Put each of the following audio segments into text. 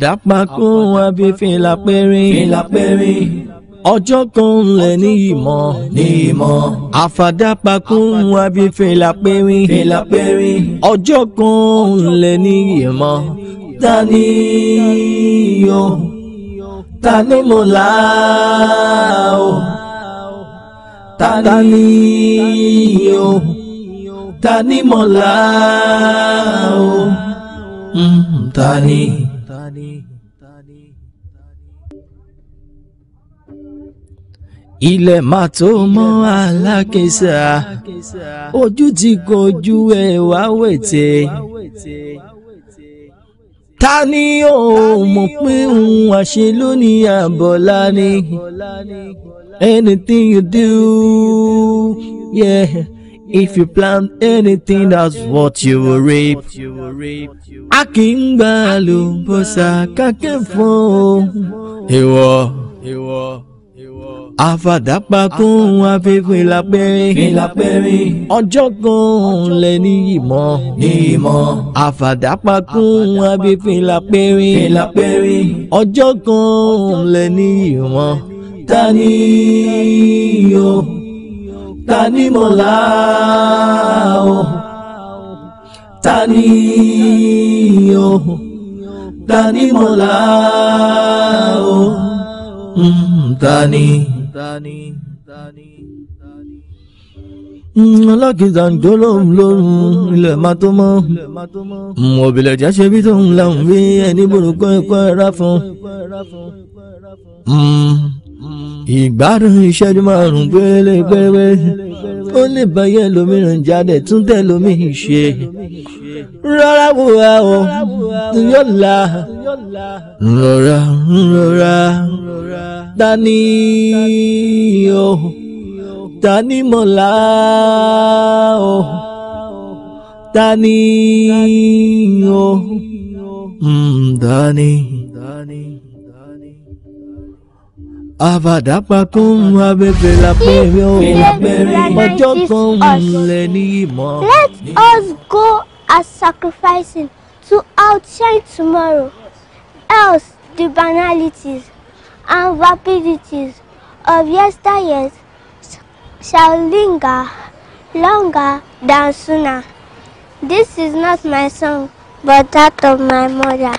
àdápakú wọn bí fìlà péré. fìlà péré. ọjọ́ kan lẹ̀ ní ìmọ̀. ní ìmọ̀. àfàdápakú wọn bí fìlà péré. fìlà péré. ọjọ́ kan lẹ̀ ní ìmọ̀. tani yo tani mo la o tani yo tani mo la o. Mm, tani. ilẹ̀ máa tó mọ́ alákẹ́sà ojú ti kojú ẹ̀ wá wètè ta ni ó mọ̀ pé òun àṣe lónìí àbọ̀lá ni anything you do yeah. If you plant anything, that's what you will reap. A kì í gbà lóbọ̀sà kákẹ́ fún ọ. Ìwọ. Ìwọ àfàdàpàkùn afẹ́fẹ́ lápẹ́rín. ní lápẹ́rín. ọjọ́ kan lẹ ní ìmọ̀. ní ìmọ̀. àfàdàpàkùn afẹ́fẹ́ lápẹ́rín. ní lápẹ́rín. ọjọ́ kan lẹ ní ìmọ̀. ta ni o ta ni mọ̀lá o ta o ta ni mọ̀lá o hmm, ta Mm, alákìtàn tó lóhùn lóhùn ilẹ̀ má tó mọ́ òbílẹ̀ mm, jẹ́ ṣe bí ẹni burúkú ẹ̀kọ́ ẹ̀rá fún mm, ìgbádùn ìṣẹ́jú márùn-ún péré péré ó lè báyẹ̀ lómìnira jáde tún tẹ̀ lómi ṣe rárá wo a ò yọ̀la rọra rọra tani o tani mọ̀lá o tani o tani. àbàdàpà tó ń wá bèbè ọjọ́ kan ń ní ìmọ̀. Let us go as sacrificing to outshine tomorrow else the banalities and rapidities of yesteryears shall linger longer than sooner. This is not my song, but that of my mother.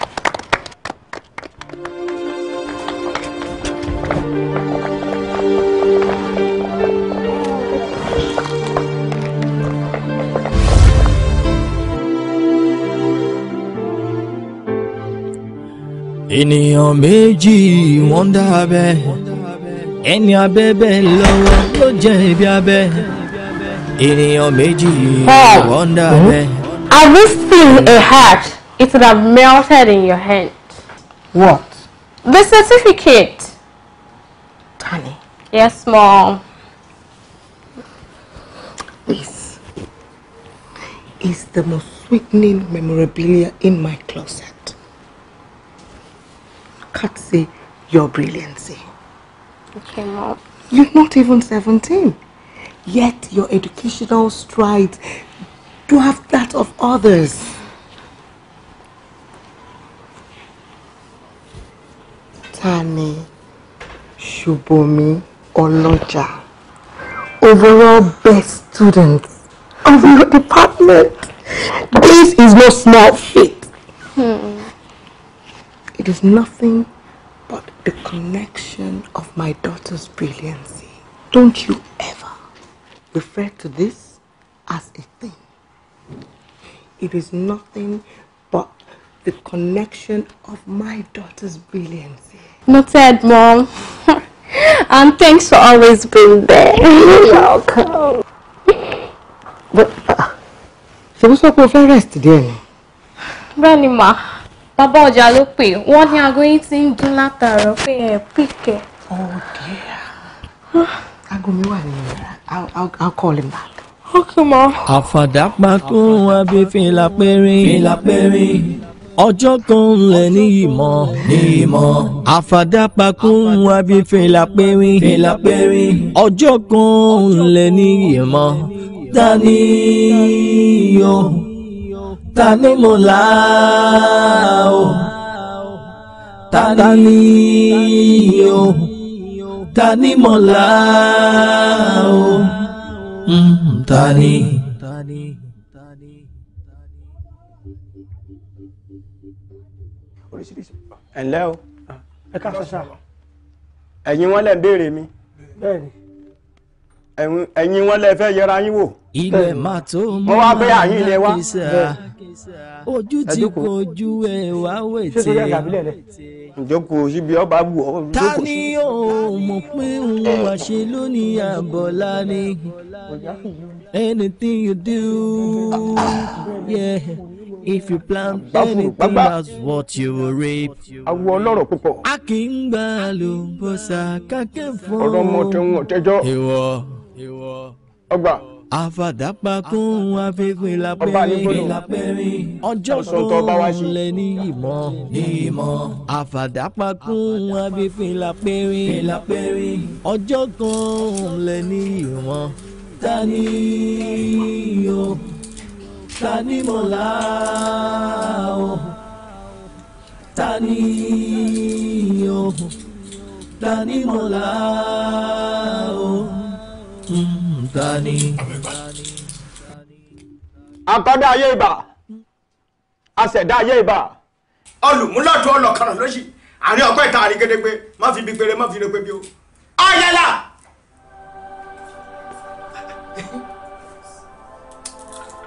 ènìyàn méjì wọ́n dá abẹ́ ẹni abẹ́bẹ́ lọ́wọ́ ló jẹ́ ibi abẹ́ ènìyàn méjì wọ́n dá abẹ́. Have you seen a heart? It would have melted in your hand. What? The certificate. Tani. Yes, mom. This is the most sweetening memorabilia in my closet. can't say your brilliancy. Okay, Mom. You're not even 17. Yet your educational strides do have that of others. Tani, Shubomi, Oloja. Overall best students of your department. This is no small feat. Hmm. It is nothing but the connection of my daughter's brilliancy. Don't you ever refer to this as a thing. It is nothing but the connection of my daughter's brilliancy. Noted, Mom. and thanks for always being there. You're welcome. But, uh, she was not going to rest, dear. Ma bàbá ọjà ló pè wọ́n ní aago yín ti ń dún látàárọ̀ pé ẹ̀ pìkẹ́. oh dear aago mi wà nínú ìlera i'll call him back. okay ma. pàtó abẹ fìlà péré. fìlà péré. ọjọ́ kan lẹ ní ìmọ̀. ní ìmọ̀. àfàdá pàkó abẹ fìlà péré. fìlà péré. ọjọ́ kan lẹ ní ìmọ̀. ta yóò. Tani ni Tani yo, hmm, Tani ta Tani. o ta ni mo là o ta ni. ẹ ǹlẹ́ o ẹ ká sọ sáà ẹ̀yin wọn lẹ́ ń béèrè mi. bẹ́ẹ̀ ni ẹ̀yin wọn lẹ fẹ́ yẹra yín wò. ilẹ̀ máa tó mú wa bẹ́ àyín ilẹ̀ wa. ojú ti kojú ẹ wá wètè. ìjókòó síbi ọba wù ọ. ta ni ó mọ̀ pé òun wà ṣe lónìí àbọ̀lá ni anything you do yeah. if you plant anything that's what you will reap. awo ọlọ́rọ̀ púpọ̀. a kì í gbà lóbọ̀sà kákẹ́ fún. ọmọ tí ọgbà. àfàdàpàkùn afẹ́fẹ́ lápẹ́rín lápẹ́rín ọjọ́ kan lẹ ní ìmọ̀ ní ìmọ̀. àfàdàpàkùn afẹ́fẹ́ lápẹ́rín lápẹ́rín ọjọ́ kan lẹ ní ìmọ̀. tani o tani mọ̀lá o tani o tani mọ̀lá o akọ́dá ayé ibà aṣẹ̀dá ayé ibà. olùmúlọ́dún ọlọ́kàrà lóṣì àárín ọgbẹ́ ìta àrí gédégbé má fi bí péré má fi rẹpẹ́ bí o. ọ̀yẹ́lá.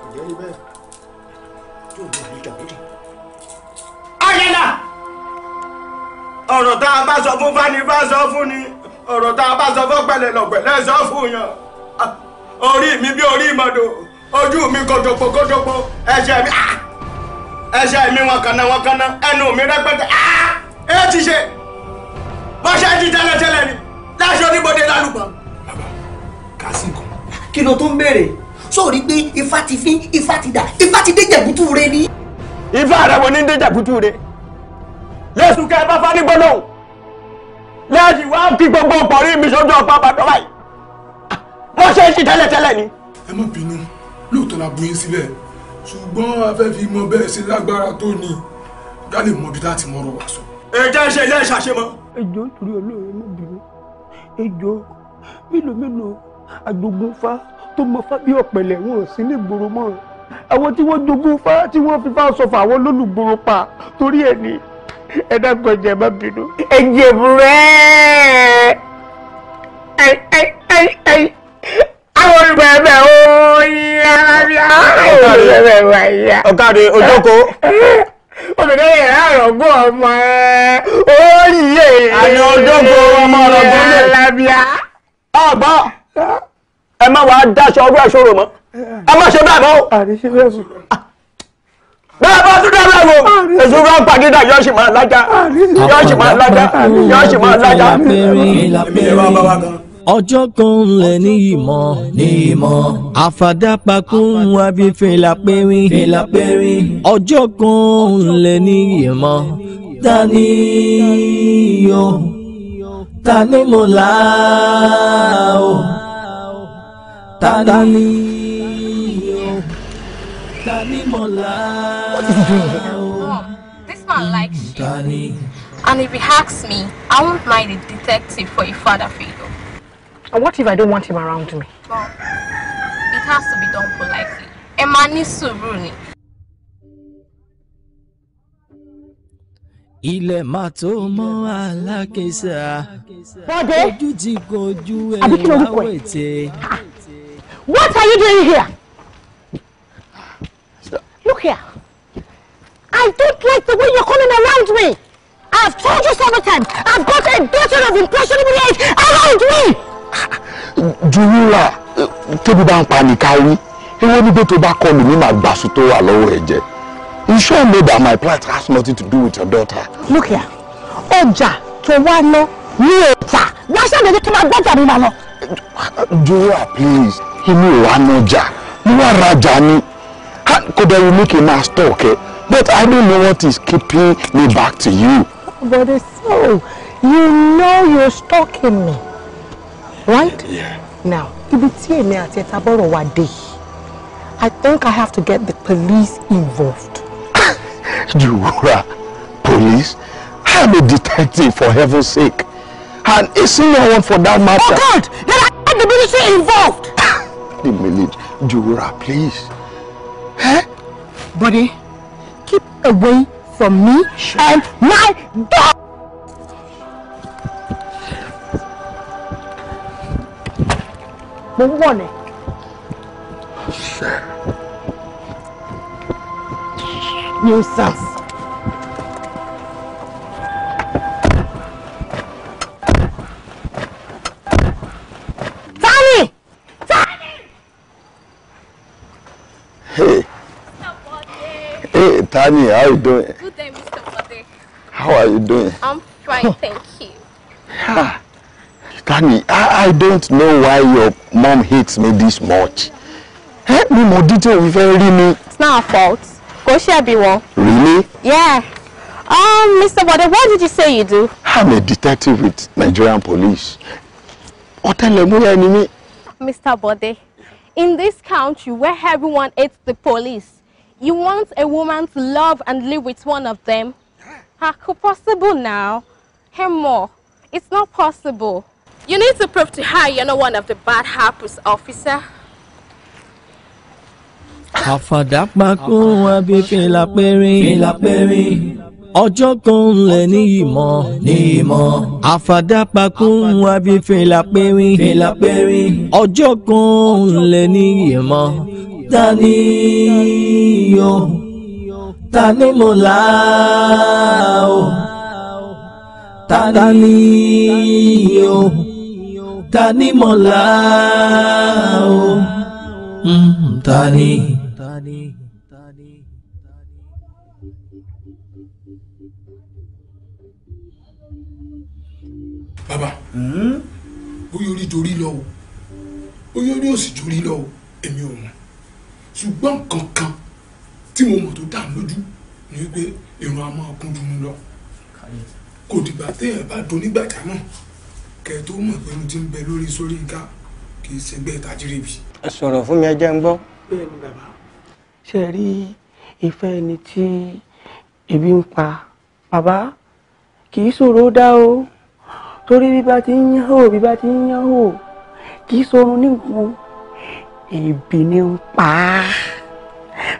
ǹjẹ́ ibẹ̀ yóò ọ̀rọ̀ tá a bá sọ fún fani bá sọ fún ni ọ̀rọ̀ tá a bá sọ fún pẹ̀lẹ́ lọ̀pẹ̀lẹ́ sọ fún yàn orí mi bí orí ìmọ̀dò ojú mi kòjòpó kòjòpó ẹsẹ̀ mi ah! ẹsẹ̀ mi wọn kànáà wọn kànáà ẹnu mi rẹpẹtẹ ah! ẹ ti ṣe bọ́ṣẹ́ ti tẹ́lẹ̀tẹ́lẹ̀ ni láṣọ oníbodè lálùbọ̀. bàbá kásìkò. kí ló tó ń béèrè sóòrí pé ifá ti fín ifá ti dà ifá ti dé jẹ̀bútú re ni. ifá rẹ̀ wo ní dé jẹ̀bútú re lẹ́sùn kẹ́ ẹ bá fá ní gbólóhùn lẹ́yìn wá gbogbo ọ̀pọ̀ rí mi sójú ọ̀pá bàtọ́ báyìí bó ṣe ń ṣe tẹ́lẹ̀tẹ́lẹ̀ ni. ẹ má bínú lóòótọ́ la bu yín sílẹ̀ ṣùgbọ́n a fẹ́ fi mọ bẹ́ẹ̀ ṣe lágbára tó ni ká lè mọ ibi tá a ti mọ̀rọ̀ wá sọ. ẹ jẹ́ iṣẹ́ ilé ìṣàṣemọ́. ẹjọ́ torí olóore mú bínú ẹjọ́ mélòó mélòó àjogún fa tó mọ fá bí ọ̀pẹ̀lẹ̀ wọn ò sí nígboro mọ́ àwọn tí wọ́n jogún fá tí wọ́n fi fá sọ̀fà àwọn lólùgbòrò pa torí ẹ̀ ni ẹ dákun ẹ̀jẹ̀ má bínú. ẹ̀jẹ̀ bùrẹ́ ẹ̀ ẹ̀ àwọn olùgbẹ̀bẹ̀ oyin alábíà àwọn olùgbẹ̀bẹ̀ wáyà. ọ̀kadì ojoko. obìnrin yẹn àrògùn ọmọ ẹ oyè. àyàn ojoko ọmọ ọlọgbọn lè. alábíà. ọgbọ ẹ má wàá daṣọ ọdún àṣọrò mọ a má ṣe bẹ́ẹ̀ mọ́. àdéṣe bẹ́ẹ̀ sùn. bẹ́ẹ̀ bá tún dábẹ́ wo èso bá ń pàgídà yóò sì máa lájà yóò sì máa lájà yóò sì máa lájà ọjọ́ kan lẹ̀ ní ìmọ̀ ní ìmọ̀ àfàdàpàkún àbí fìlà pẹ́rín fìlà pẹ́rín ọjọ́ kan lẹ̀ ní ìmọ̀ tani yo tani mo la o tani yo tani mo la o. Tani. And if he hacks me, I won't mind a detective for a father figure. And what if I don't want him around me? Well, it has to be done politely. Ẹ máa ní sùúrù ni. ilẹ̀ máa tó mọ́ alákẹ́sà. bọ́dé ojú ti kojú what are you doing here? look here I don't like the way you're coming around me. I've told you several times. I've got a daughter of impressionable age around me jùlọ tóbi bá ń pa nìkan rí ewé níbi tó bá kọlù ní màá gbàsù tó wà lọ́wọ́ ẹ̀ jẹ́ you sure know that my plight has nothing to do with your daughter. look here ọjà tó wá ná ní ètà lásán lè ní kí n máa gbọ́jà mi lọ. jùlọ please inú ìwà nájà mo wá rajà ni kò dẹ̀ wù mí kí n máa stock ẹ but I don't know what is keeping me back to you. but it's so you know you're stalking me right? Yeah. Now, ibi tí èmi àti ẹ̀ta bọ̀rọ̀ wà dé yìí, I think I have to get the police involved. Jura, police? I'm a detective for heaven's sake. And a senior one for that matter. Oh God! Then I had the military involved! the military. Jura, please. Huh? Buddy, keep away from me sure. and my dog! mo ń wọ̀ ni. nuisance. Tani! Tani! Hey. Hey, Tani, how you doing? Good day, Mr. Bodek. How are you doing? I'm fine, thank you. Danny, I, I don't know why your mom hates me this much. Help me more detail if I read me. It's not her fault. Go share be one. Really? Yeah. Um, Mr. Bode, what did you say you do? I'm a detective with Nigerian police. Ọ̀tẹlẹ̀múyẹ́ ni mí. Mr. Bode, in this country where everyone hates the police, you want a woman to love and live with one of them? How possible now? Hey, more. It's not possible. You need to prove to her you're not one of the bad hapus, officer. àfàdá pakó wọn bí filapẹ́rín. filapẹ́rín. ọjọ́ kan lẹ̀ ní ìmọ̀. ní ìmọ̀. àfàdá pakó wọn bí filapẹ́rín. filapẹ́rín. ọjọ́ kan lẹ̀ ní ìmọ̀. ta ni yo ta ni mo là o ta ni yo tani oh. mọ̀lá mm, o tani. bàbá hmm? bóyá orí dorí lọ o bóyá orí òsì dorí lọ o èmi ò mọ̀ ṣùgbọ́n kankan tí mo mọ̀ tó dà lójú ni wípé èrò a máa kún dunu lọ kò dìgbà téèyàn bá do nígbàjámọ̀ kẹ tó mọ̀ pé mo ti ń bẹ lórí Ṣóyínká kì í ṣẹgbẹ́ tàjírìbì. ẹ sọ̀rọ̀ fún mi ẹ jẹ́ ń gbọ́. bẹ́ẹ̀ ni bàbá. ṣe rí ìfẹ́ ẹni tí ebi ń pa bàbá kì í ṣòro dá o torí bí bá ti ń yán hò bí bá ti ń yán hò kì í ṣòro nìkan ebi ni ń pa á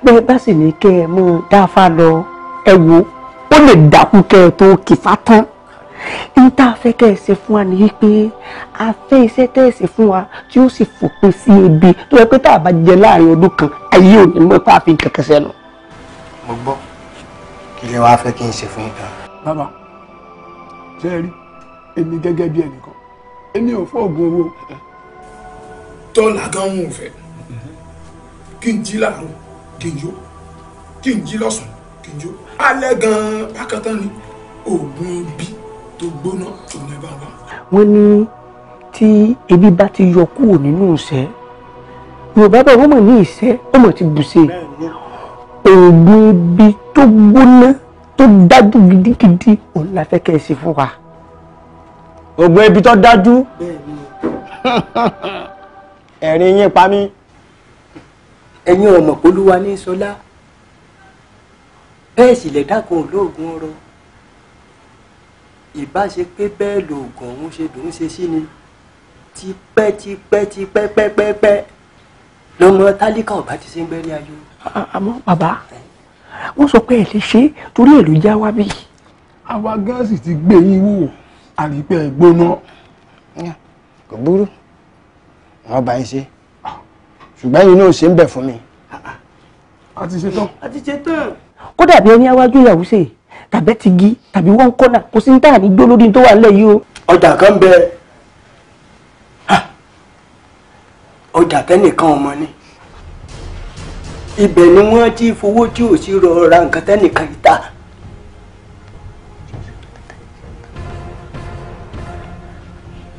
bẹ́ẹ̀ bá sì ní kẹ́ ẹ mú un dáfá lọ ẹ wò ó lè dákú kẹ́ ẹ tó kìfá tán ní tá a fẹ́ kẹ́ẹ̀sì fún wa nìyí pé a fẹ́ iṣẹ́ kẹ́ẹ̀sì fún wa tí ó sì fòpin sí ebi tó yẹ pé tá a bá jẹ láàrin ọdún kan ayé ò ní mọ̀ pé a fi kẹ̀kẹ́ sẹ́nu. mo gbọ́ kí lẹ wàá fẹ́ kí n ṣe fún yín gan. bàbá ṣe é rí èmi gẹ́gẹ́ bí ẹnìkan èmi ò fọ́ oògùn owó. tọ́lá gan-an ò fẹ́ kí n jí láàárọ̀ kí n yó kí n jí lọ́sàn-án kí n yó alẹ́ gan-an bákan ni oògùn bíi tó gbóná òun ẹ bá wọ́n ní tí ebi bá ti yọ kúrò nínú ìṣẹ́ yorùbá bẹ́ẹ̀ wọ́n mọ̀ ní ìṣẹ́ wọ́n mọ̀ ti bùṣe oògùn ibi tó gbóná tó dájú gidigidi òun la fẹ́ kẹ́ ẹ ṣe fún wa. oògùn ibi tó dájú ẹ̀rín yín pa mí. ẹ̀yin ọ̀mọ̀ polúwa ní sọlá bẹ́ẹ̀ sì lẹ̀ dákun olóògùn ọ̀rọ̀ ìbáṣe pé bẹ́ẹ̀ lòògùn ọ̀hún ṣe dùn ṣe sí ni tipẹ́tipẹ́tipẹ́pẹ́pẹ́ lọ́mọ tálíkà ọ̀bá ti ṣe ń gbẹ́rí ayọ̀. àmọ́ bàbá wọ́n sọ pé ẹ̀ lè ṣe torí èlò já wá bí. àwa gáàsì ti gbé yín wò àrípẹ́ gbóná. kò burú wọn bá yín ṣe ṣùgbọ́n yín náà ṣe ń bẹ̀ fún mi. a ti ṣe tán. a ti ṣe tán. kódà bí ẹni awájú ìyàwó ṣe tàbẹ́ ti gi tàbí wọ́n kọ́nà kò sí ní táà ní gbó lórí tó wà nílẹ̀ o. ọjà kan bẹ ọjà tẹnìkan ọmọ ni ibẹ̀ ni wọ́n ti fowó tí ò sí rọ ra nǹkan tẹnìkan ìta.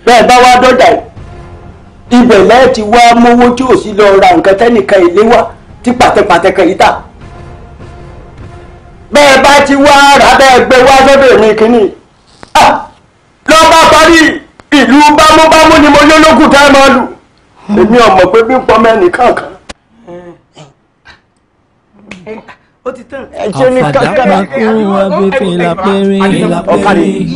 bẹ́ẹ̀ bá wá dọ́jà ibẹ̀ lẹ́ẹ̀ ti wá mówó tí ò sí lọ ra nǹkan tẹnìkan ìléwá tí pàtẹ́pàtẹ́ kan ìta bẹ́ẹ̀ bá ti wá rábẹ́ gbé wá sọ́dọ̀ mi kínní. Ah! lọ bá parí ìlú bámúbámú ni mo yó tá ẹ máa lù èmi ọmọ pé bí pọmọ ẹnì kankan. ẹsẹ ní kankan la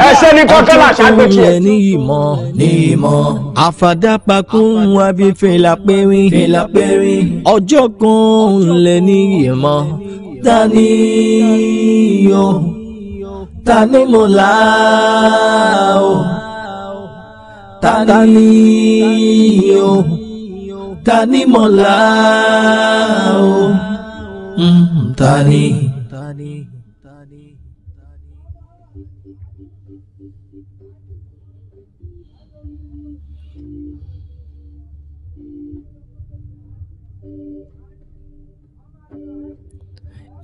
ẹsẹ ní kankan la ṣàgbéjì ẹ. ní ìmọ̀ ní ìmọ̀. àfàdàpàkùn abífẹ́lá pẹ́rín ọjọ́ kan ń ní ìmọ̀. Taniyo, tani mo là o tani o tani mo o mm, tani. tani.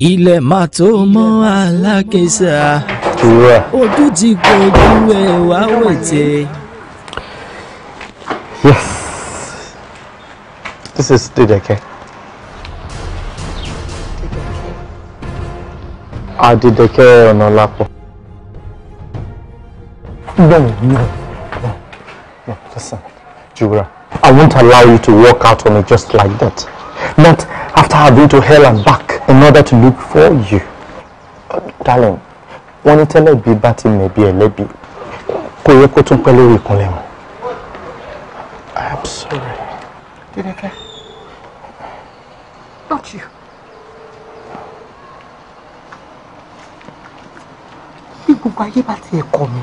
ilẹ̀ máa tó mọ́ alákẹ́sà ojú ti kojú ẹ̀ wá wètè. Yes, this is Dudeke. Adideke Onolapo. No, no, no, no, listen, Jura. I won't allow you to walk out on me just like that. Not after I've been to hell and back in order to look for you. Uh, darling, wọ́n ní tẹ́lẹ̀bí bá ti mẹ̀bi ẹlẹ́bi kò yẹ kó tún pẹ́ lórí ìkúnlẹ̀ mọ́. I'm sorry. Dédékẹ́. Not you. Bí gbogbo ayé bá ti ẹ̀kọ́ mi,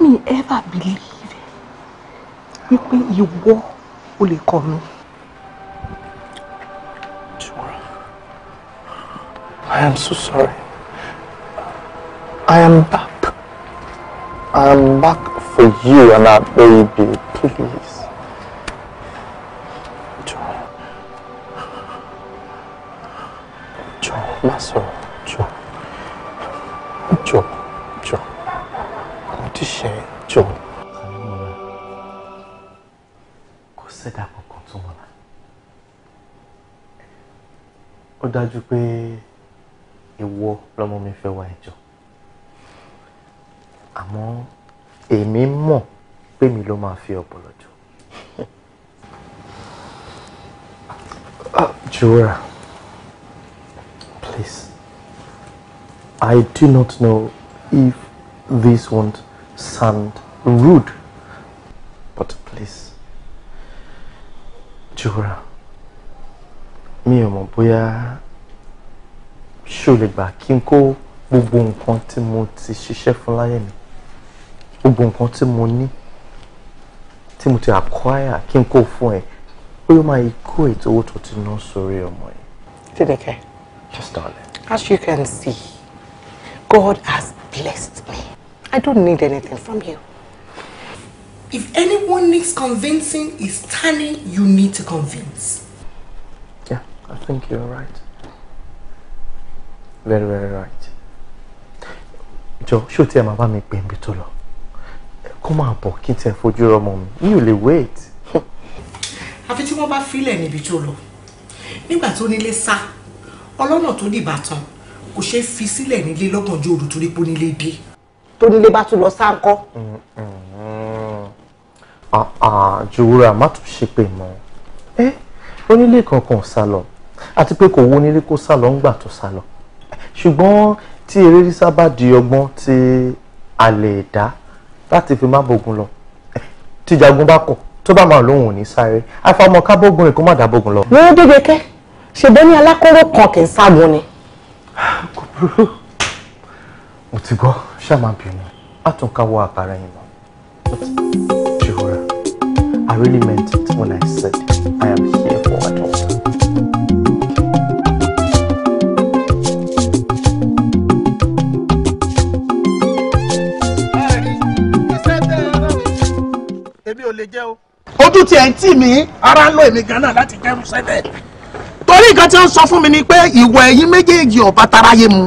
mi ever believe wípé ìwọ o lè kọ̀ mí. I am so sorry. I am back. I am back for you and our baby, please. John. John, Master. Joe. John. John. What is she? John. Kò sí dàpọ̀ kan tó wọ́n náà. Ó dájú pé ìwọ lọmọ mi fẹ́ wá ẹjọ́ àmọ́ èmi mọ̀ pé mi ló máa fi ọpọlọ jọ. Ah, Jura, please, I do not know if this won't sound rude, but please, Jura, mi ò mọ̀ bóyá ṣó lè gbà kí n kó gbogbo nǹkan tí mo ti ṣiṣẹ́ fún láyé mi gbogbo nǹkan tí mo ní tí mo ti acquire kí n kó fún ẹ ó yóò máa kó ètò owó tó ti ná sórí ọmọ yìí. Fideke. Yes, darling. As you can see, God has blessed me. I don't need anything from you. If anyone needs convincing, it's Tani you need to convince. Yeah, I think you're right very very right jọ ṣó tí ẹ máa bá mi pè níbi tó lọ kó máa bọ̀ kí n tẹ̀ fojú rọmọ mi mi ò lè wait. àfi tí wọ́n bá filẹ̀ níbi tó lọ nígbà tó nílé sá ọlọ́nà tó dìbà tán kò ṣeé fi sílẹ̀ nílé lọ́gànjọ́ òru torí pé onílé dé. tó nílé bá tún lọ sá ńkọ́. Ah, ah, jòwúrà má tún ṣe pé mọ́ ẹ eh, onílé kankan ò sá lọ àti pé kò wo onílé kó sá lọ ńgbà tó sá lọ ṣùgbọ́n tí eré sísá bá di ọgbọ́n tí a lè dá láti fi má bógun lọ tíjagun bá kọ̀ tó bá máa lóhùn ní sáré àfàmọ́ ká bógun rìn kó má dá bógun lọ. lórí dédé kẹ́ ṣèbẹ́ ní alákọ̀ọ́rọ̀ kan kì í ságun ni. kò burú mo ti gbọ́ ṣáàmà bínú àtúnkáwọ àkàrà yìí mọ́. Jehora, I really meant it when I said I am here for adults. èmi ò lè jẹ́ o. ojú tiẹ̀ ń tì mí ara ń lọ èmi gan náà láti jẹ́rú sẹ́lẹ̀. torí nǹkan tí wọ́n sọ fún mi ni pé ìwọ ẹ̀yin méjèèjì ọ̀bá taráyé mu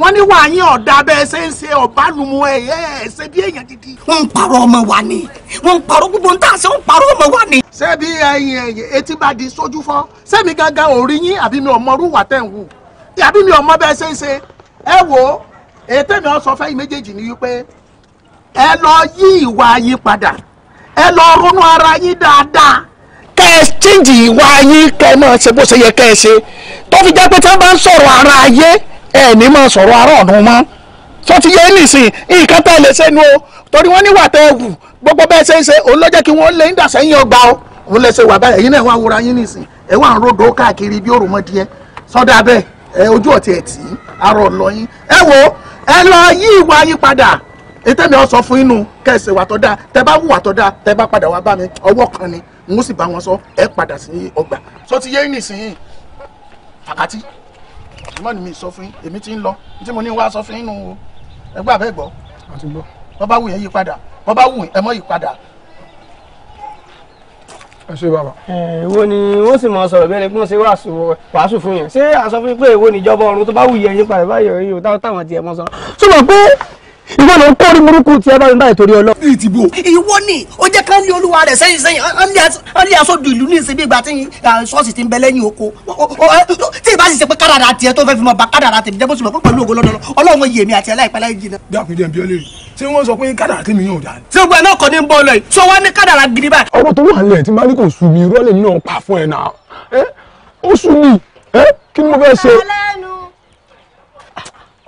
wọ́n ní wàá yín ọ̀dà bẹ́ẹ̀ ṣe ń ṣe ọ̀bálùmọ̀ ẹ̀yẹ ẹ̀ṣẹ̀ bí èèyàn dídí. wọ́n ń parọ́ ọmọ wa ni wọ́n ń parọ́ gbogbo ń tàṣe wọ́n ń parọ́ ọmọ wa ni. ṣebí ẹ̀yin ẹ̀yin etí bá di sójú fọ́ sẹ́mi gangan ò rí yín àbí mi ò mọrú wà tẹ̀ ń wù àbí mi ò mọ bẹ́ẹ̀ ṣe ń ṣe ẹ wò ètè mi ọ̀ sọ fẹ́yìn méjèèjì ni wípé ẹ lọ yí ìwà yín padà ẹ lọ ronú ara yín dáadáa. kẹ́ ẹ chíǹjì ìwà yín kẹ́ ẹ máa ṣe bó ṣe yẹ kẹ́ ẹ ṣe tó fi jẹ́ pé tí wọ́n bá ń sọ̀rọ̀ ara ayé ẹ ní máa sọ̀rọ̀ ara ọ̀dùn mọ́ tó ti yẹ nìsín nǹkan tẹ́ ẹ lè ṣe nu o torí wọ́n níwà tẹ́ ẹ wù gbogbo bẹ́ẹ̀ ṣe ń ṣe òun ló jẹ́ kí wọ́n lé ń dà sẹ́yìn ọgbà o òun lè ṣe wà báyìí ẹ̀yin náà wà wúra yín nìsín ẹ wà ń ròdò káàkiri bí òròmọdìẹ sọdá bẹ́ẹ̀ ẹ ojú ọ̀tí ẹ̀ tì í arọ̀ ẹ wo ẹ lọ yí ìwà yín padà ètèmi ọ̀sọ̀ fún inú kẹsẹ̀ wà tọ́ da tẹ bá wùwà tọ́ da tẹ bá padà wá bá mi ọwọ́ kan ni n ó sì bá wọn sọ ẹ padà sí ọgbà sọ ti yé nìsín fàkàtì ṣùgbọ́n mi sọ fún yín èmi ti ń lọ tí mo ní wá sọ fún yín nù o ẹ gbọ́ àbẹ́ gbọ́ wọ́n bá wù yẹn yí padà wọ́n bá wù ẹ mọ́ yí padà. ẹ ṣe bàbá. èwo ni wọ́n sì máa sọ̀rọ̀ bẹ́ẹ̀ ni wọ́n ṣe wàásù fún yẹn ṣé àsọfún pé èwo níjọba ọ̀run tó bá wù yẹn yí padà báyọ̀ ìwọ ló ń kọ́ orí burúkú tí ẹ bá ń báyìí torí ọlọ́. bíi ti bò. ìwọ ni ó jẹ́ ká ń lé olúwa rẹ̀ sẹ́yìn sẹ́yìn á ń lé aṣojú ìlú ní ìsinmi ìgbà tí ṣọ́ọ̀ṣì ti ń bẹ lẹ́yìn oko tí ìbá sì ṣe pé kádàrà tiẹ̀ tó fẹ́ fi mọ bá kádàrà tèmi jẹ́ bó ṣùgbọ́n pẹ̀lú ògo lọ́dọ̀ ọlọ́run yèmí àti aláìpẹ́lẹ́ jìnnà. dákúndé bí ọlẹ́rìí ṣé wọ́n sọ pé kádàrà tèmi yóò dáa. ṣé gbogbo ẹ̀ náà kọ́ ní bọ́ọ̀lù ẹ̀ sọ wá ní kádàrà gidi báyìí. ọ̀rọ̀ tó wà lẹ̀ tí máa ní kò sùn mí irọ́ lèmi náà pa fún ẹ̀ náà ó sùn mí kí ni mo fẹ́ ṣe.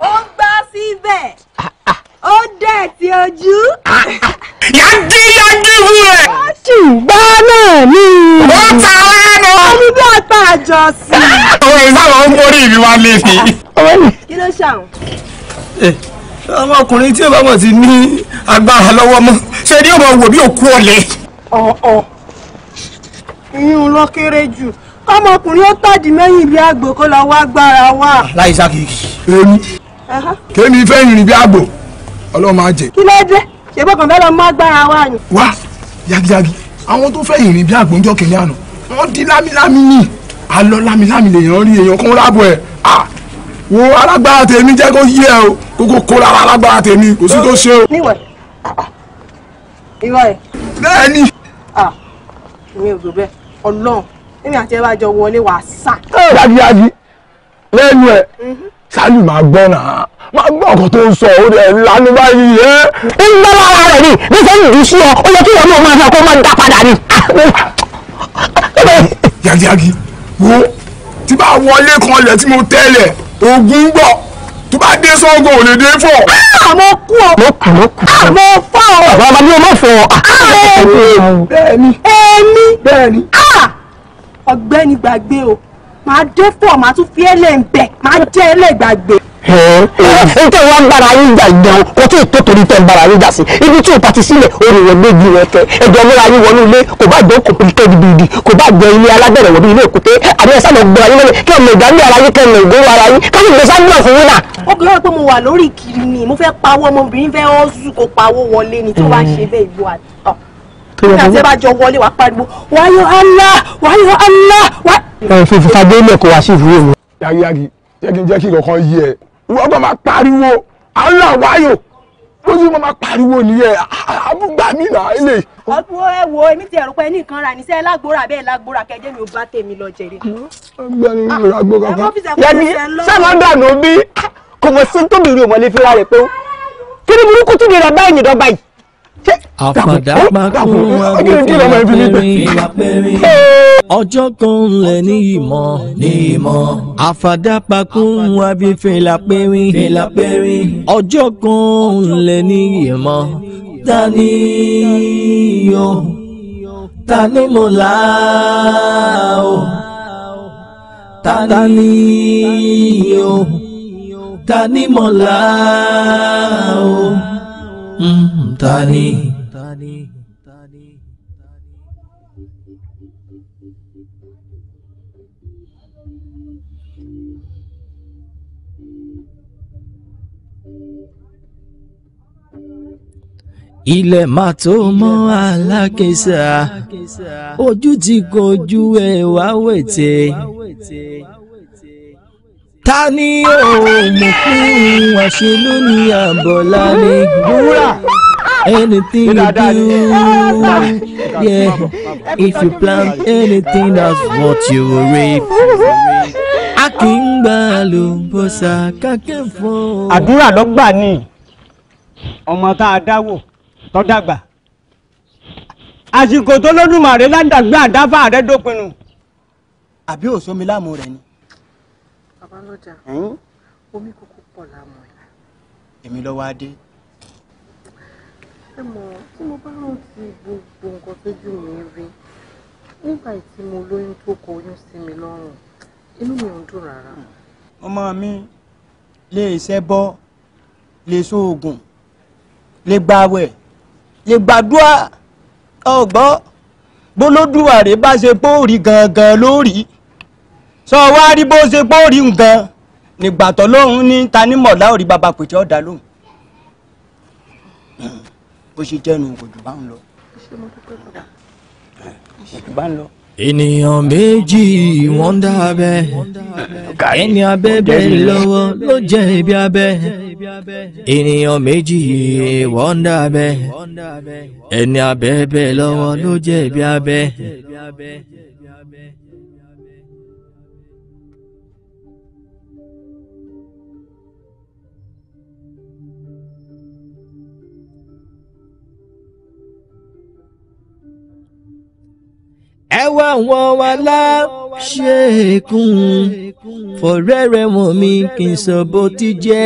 ó ń gbá síbẹ̀. Ah, ó dẹ̀ ti ojú. yájí yájí wúrẹ̀. ó sì gbọ́ náà ni. ó ta lẹ́nu. ẹni bí ọ̀tá àjọ sí. òwe ìsáwọ̀ ń borí ìbí wa lé ni. kí ló ṣàwọn. àwọn eh, ọkùnrin tí ọba wọn ti ní agbára lọ́wọ́ mọ́ ṣe ni yóò máa wò bí òkú ọ̀lẹ. ọ̀ọ̀ ìyún ló kéré jù kọ́mọkùnrin ó tàdí mẹ́yìn bí àgbò kó lọ wá gbára wa. láì sákìkì. èmi kémi fẹ́ yìnrìn bí àgbò ọlọ́run máa jẹ. kí ló dé ṣe bọ́kàn bẹ́ẹ̀ lọ mọ́ agbára wa ni. wá yagiyagi àwọn tó fẹ́ ìrìn bí àgbọ̀njọ́ kìíní àná wọ́n di lámìlámì ni àlọ́ lámìlámì lèèyàn rí èèyàn kan láàbọ̀ ẹ̀ wo alágbára tèmi jẹ́ kó yí ẹ o kókó kó lára alágbára tèmi kò sí tó ṣe o. níwọ̀ ìwọ ẹ̀. bẹ́ẹ̀ ni. mi ò rò bẹ́ẹ̀ ọlọ́run èmi àti ẹ bá jọ wọlé wàá sà. yagiyagi lẹ́nu ẹ̀ mhm sálù máa gbọ́ náà máa gbọ́ ọkọ̀ tó ń sọ ó rẹ̀ lánàá báyìí ẹ́. ń bá lára rẹ̀ ni nísẹ́yìn ìlú sí ọ ó yẹ kí ìwọ náà máa fẹ́ kó máa dá padà ni. yagiyagi wo tí bá wọlé kan lẹ̀ tí mo tẹ́lẹ̀ ogun gbọ́ tó bá dé sọ́gun ò lè dé fọ̀. àmọ́ ah, kú ọ àmọ́ ah, fọ́ ọ. bàbá mi ò mọ̀ fọ́ ọ. Ah, bẹ́ẹ̀ni bẹ́ẹ̀ni bẹ́ẹ̀ni ọ̀gbẹ́ni gbàgbé o máa dé fọ máa tún fi ẹlẹ ń bẹ máa jẹ ẹlẹ gbàgbé. ẹ ẹ tẹ wọn bára yín jà ìdáhùn kò tí ì tó torí tẹ ń bára yín jà sí ibi tí òpàtì sílẹ̀ orin rẹ méjì rẹ tẹ ẹjọ múra yín wọnú ilé kò bá jẹ kòpìtẹ dìbìdì kò bá jẹ ilé alábẹ̀rẹ̀ wọnú ilé èkúté àbí ẹ sábà gbọra yín lẹ́yìn kí ọmọ ìgbà ní ara yín kẹ ọmọ ìgbóró ara yín káyọ̀ gbèsè àdúrà fún wínà. obìnrin rẹ pé mo wà lórí ìkiri ni mo fẹ́ pawó ọmọbìnrin fẹ́ ọ́sùn kó pawó wọlé ni tó wá ṣe bẹ́ẹ̀ ìbò àtọ̀ nígbà tí ẹ bá jọ wọlé wàá pariwo wáyọ Allah wáyọ Allah wáyọ ẹ fífi fagélé kò wá sí ìwúrò mi. yagiyagi jẹ́ kí n jẹ́ kí nǹkan yí ẹ wọ́n bá máa pariwo àlọ́ àwáyò lójú mo máa pariwo nìyẹn àbúgbà mi là á lè. ọdún ẹ wo èmi ti ẹ̀rù pé nìkan ra níṣẹ́ lágbóra bẹ́ẹ̀ lágbóra kẹjẹ́ mi ò bá tèmi lọ jèrè. ọgbẹ́ni ìràgbó kankan. yẹni sáwọn dànù bí kò mọ̀ sí tóbi rí òmọ̀lẹ́fẹ́ rẹ̀ pé kí ni burúkú tún lè rẹ̀ báyìí dọ́gba yìí àpàdà pàkún apẹ̀rẹ̀ ọjọ́ kan lẹ̀ ní ìmọ̀ ní ìmọ̀ àfàdà pàkún abífẹ́lá pẹ̀rẹ̀ ọjọ́ kan lẹ̀ ní ìmọ̀ tani yo tani mo la o tani yo tani mo la o ta ni. ilẹ̀ máa tó mọ́ alákẹ́sà ojú ti kojú ẹ̀ wá wètè ta ni yóò fún àṣelú ní àbọ̀là ní gbúra anything you do yeah if you plant anything that's what you reap a kì í gbà lóbọ́sà kákẹ́fọ́. àdúrà ló gbà ní ọmọ tá a dáwò tó dàgbà àsìkò tó lódùmarè ládàgbà àdáfà rẹ dópinu. àbí òsómi láàmú rẹ ni. Balọ́jà. Omi kúkú pọ̀ lámọ̀ ẹ̀. Èmi lọ́wọ́ Adé. Ẹ mọ̀ tí mo bá rántí gbogbo nǹkan tójú mi rí nígbà tí mo lóyún tó kọ oyún sí mi lọ́rùn inú mi ò dùn rárá. Hmm. Ọmọ mi lè ṣẹbọ lè ṣoògùn lè gbàwẹ̀ lè gbàdúrà ọgbọ́ bólódùwà rẹ̀ bá ṣe póòrí gangan lórí sọ wá rí bó ṣe pọ́ rí nǹkan nígbà tó lóhun ní tanímọ̀lá òrí bàbá pètè ọ̀dà lóhun bó ṣe jẹ́nu kò jù bá ń lọ. ènìyàn méjì wọ́n ń dábẹ́ ẹni abẹ́bẹ́ lọ́wọ́ ló jẹ́ ibi abẹ́ ènìyàn méjì wọ́n ń dábẹ́ ẹni abẹ́bẹ́ lọ́wọ́ ló jẹ́ ibi abẹ́. ẹwà wọn wà láṣẹkùn fọrẹrẹ wọn mi kì í sọ bó ti jẹ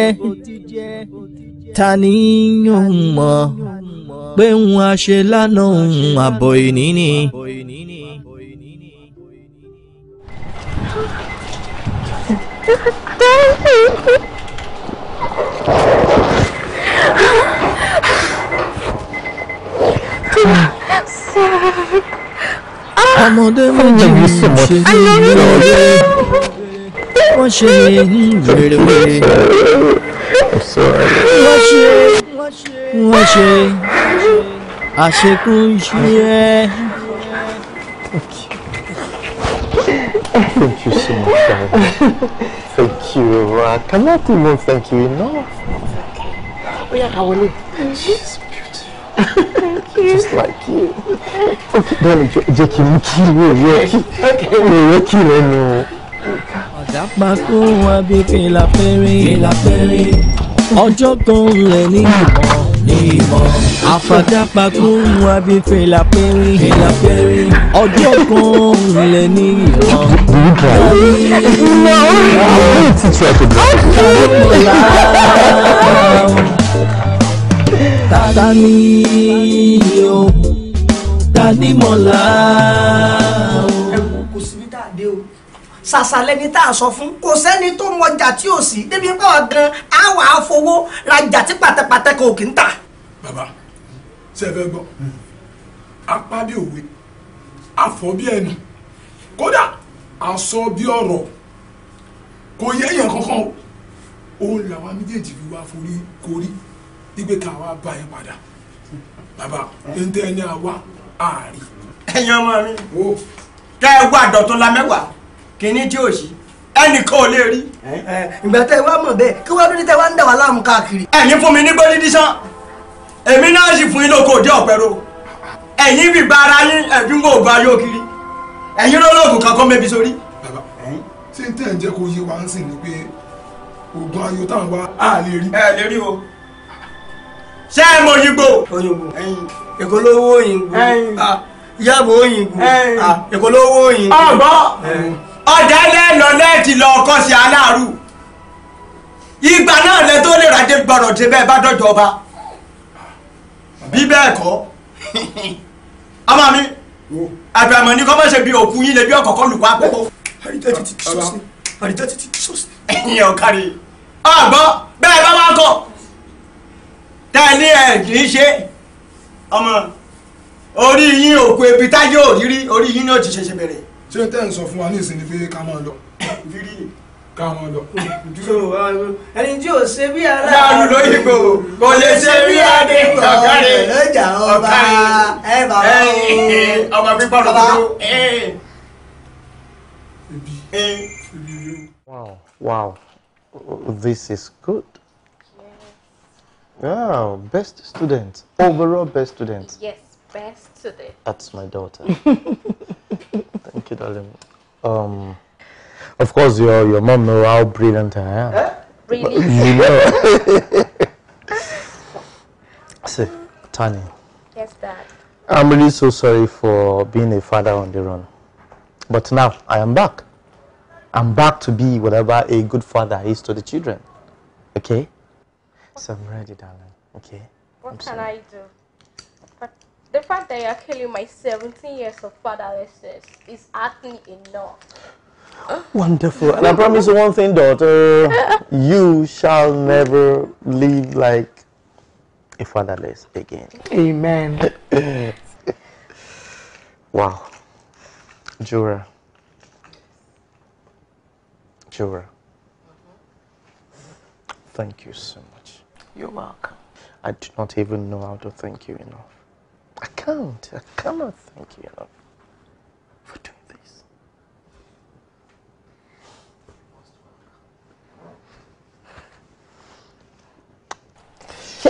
ta ni pé ń a ṣe lánàá ń ìní ni. Sarah ọmọdé mú mi ṣe lọ́dẹ wọ́n ṣe ní wèrèwèrè wọ́n ṣe wọ́n ṣe àṣekú ṣe. Thank you so much, Thank you. I cannot even thank you enough. Oya, Kawole. Jeez, Thank you. Just like you. Okay, darling, jẹ́ kí n kí mi ò yẹ kí mi ò yẹ kí lẹ́nu. Ọ̀dà pàkó wọn bí fìlà péré. Fìlà péré. Ọjọ́ kan rẹ̀ ní ìmọ̀ ní ìmọ̀. Àfàdà pàkó bí fìlà péré. Fìlà péré. Ọjọ́ kan rẹ̀ ní ìmọ̀. Do you drive? No. I'm ta ni o ta ni mọ̀lá. ẹ̀wọ̀n tá a ni tá a sọ fún kò sẹ́ni tó mọjà tí ò sí débi pé ọ̀gán á wà á fowó rajà tí pàtẹ́pàtẹ́ kò kì í tà. bàbá ṣe é fẹ́ òwe afọ bí kódà aṣọ bí ọ̀rọ̀ kò yẹ èèyàn kankan o òun làwọn méjèèjì fi wá forí korí igbe kan àwa bá yín padà bàbá ní tẹ́ ẹni àwa àárín. ẹ̀yin ọmọ mi wo kẹ́ ẹ wá àdọ̀tún la mẹ́wàá kìíní tí ò sí ẹnìkan ò lè rí. ìgbà tẹ wá mọ̀ bẹ́ẹ̀ kí wọ́n dúdú tẹ wá ń dà wá láàmú káàkiri. ẹ̀yin fún mi ní gbẹ́lí dísán èmi náà sì fún yín lóko òde ọ̀pẹ̀rọ ẹ̀yin bíbá ara yín ẹ̀bí ń gbòògùn ayé òkiri ẹ̀yin lọ́lọ́ọ̀gùn kankan mẹ́bi sórí ṣé ń tẹ̀ ń jẹ́ kó yé wa ń sìn ni pé oògùn ayò táwọn wá á lè rí. ẹ lè rí o ṣé ẹ mọ òyìnbó. òyìnbó èkó lówó òyìnbó yàgò òyìnbó èkó lówó òyìnbó. ọgbọ ọjà lẹ́nu lẹ́ẹ̀tì lọ ọkọ sí aláàrú ìgbà náà lẹ tó lè ràjẹ gbọ́dọ̀ tẹ bẹ́ẹ̀ bá dọjọ ọba bí bẹ́ẹ̀ kọ́ ọmọ mi àgbàmọ̀ ni kọ́ bá ṣe bí òkú yín lè bí ọ̀kọ̀ọ̀kọ̀ lù wá pọ̀. àrídájú ti sọ́ọ̀sì àrídájú ti sọ́ọ̀sì. ẹ̀yin ọ̀kárí ọ̀gbọ́n bẹ́ẹ̀ bá máa kọ̀ tá ní ẹ̀ kì í ṣe ọmọ orí yín òkú ebi táyé òrírí orí yín náà ti ṣẹ̀ṣẹ̀ bẹ̀rẹ̀. ṣé tẹ́ ń sọ fún wa ní ìsinmi pé ká máa lọ. ká máa lọ. ẹni tí ò ṣe bí ara. láàrú lóyìnbó kò lè ṣe bí adé ọ̀kárẹ̀ ọjà ọba ẹ bàbá o ọba pípa ọ̀dọ́ Wow, wow, this is good. Wow, best student. Overall best student. Yes, best student. That's my daughter. Thank you, darling. Um, of course, your, your mom know how brilliant I am. Really? you know. See, Tani. Yes, Dad. I'm really so sorry for being a father on the run. But now I am back. I'm back to be whatever a good father is to the children. Okay? So I'm ready, darling. Okay. What I'm can sorry. I do? But the fact that you're killing my 17 years of fatherlessness is hardly enough. Wonderful. And I promise you one thing, daughter. you shall never live like a fatherless again. Amen. wow. Jura. Jura. Mm-hmm. Thank you so much. You're welcome. I do not even know how to thank you enough. I can't. I cannot thank you enough for doing this.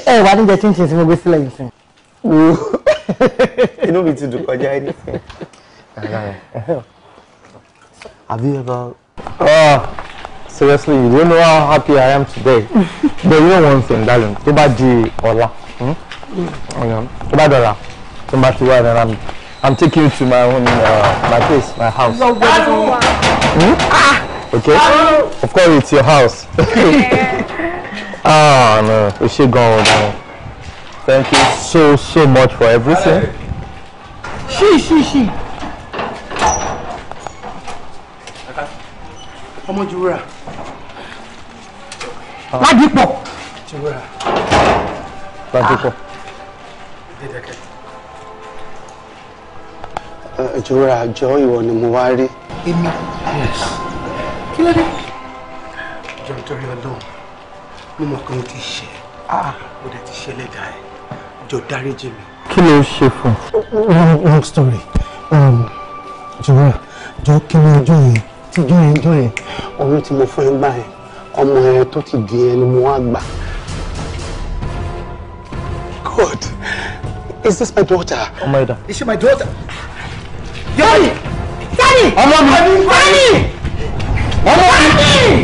Hey, why didn't you change things? We'll be still anything. You don't need to do anything. Have you ever? Oh seriously you don't know how happy I am today but you know one thing darling tó bá di hmm? ọ̀la tó bá dọ̀la tó bá ti wá then I'm I'm taking you to my own uh, my place my house. Hmm? Ah! Okay of course it's your house. ah no We should go an o thank you so so much for everything. ṣì ṣì ṣì. ọmọ jùwúrà ládìpọ̀. ládìpọ̀. ìjọra àjọ ìwọ ni mo wá rí. èmi kí ló dé. ìjọ nítorí ọlọ́run mo mọ̀ pé mo ti ṣe ah. mo dẹ̀ ti ṣe lẹ́dàá ẹ̀ jọ dáríjì mi. kí ló ṣe fún. long story ìjọra um, jọ kí ni ọjọ́ yẹn tíjọ́ yẹn jọ yẹn ọ̀run tí mo fún gbà yẹn ọmọ ẹ tó ti di ẹni mo wá God, is this my daughter? ọmọ ẹ̀dá. is she my daughter? Daddy! Daddy! ọmọ mi Daddy! ọmọ mi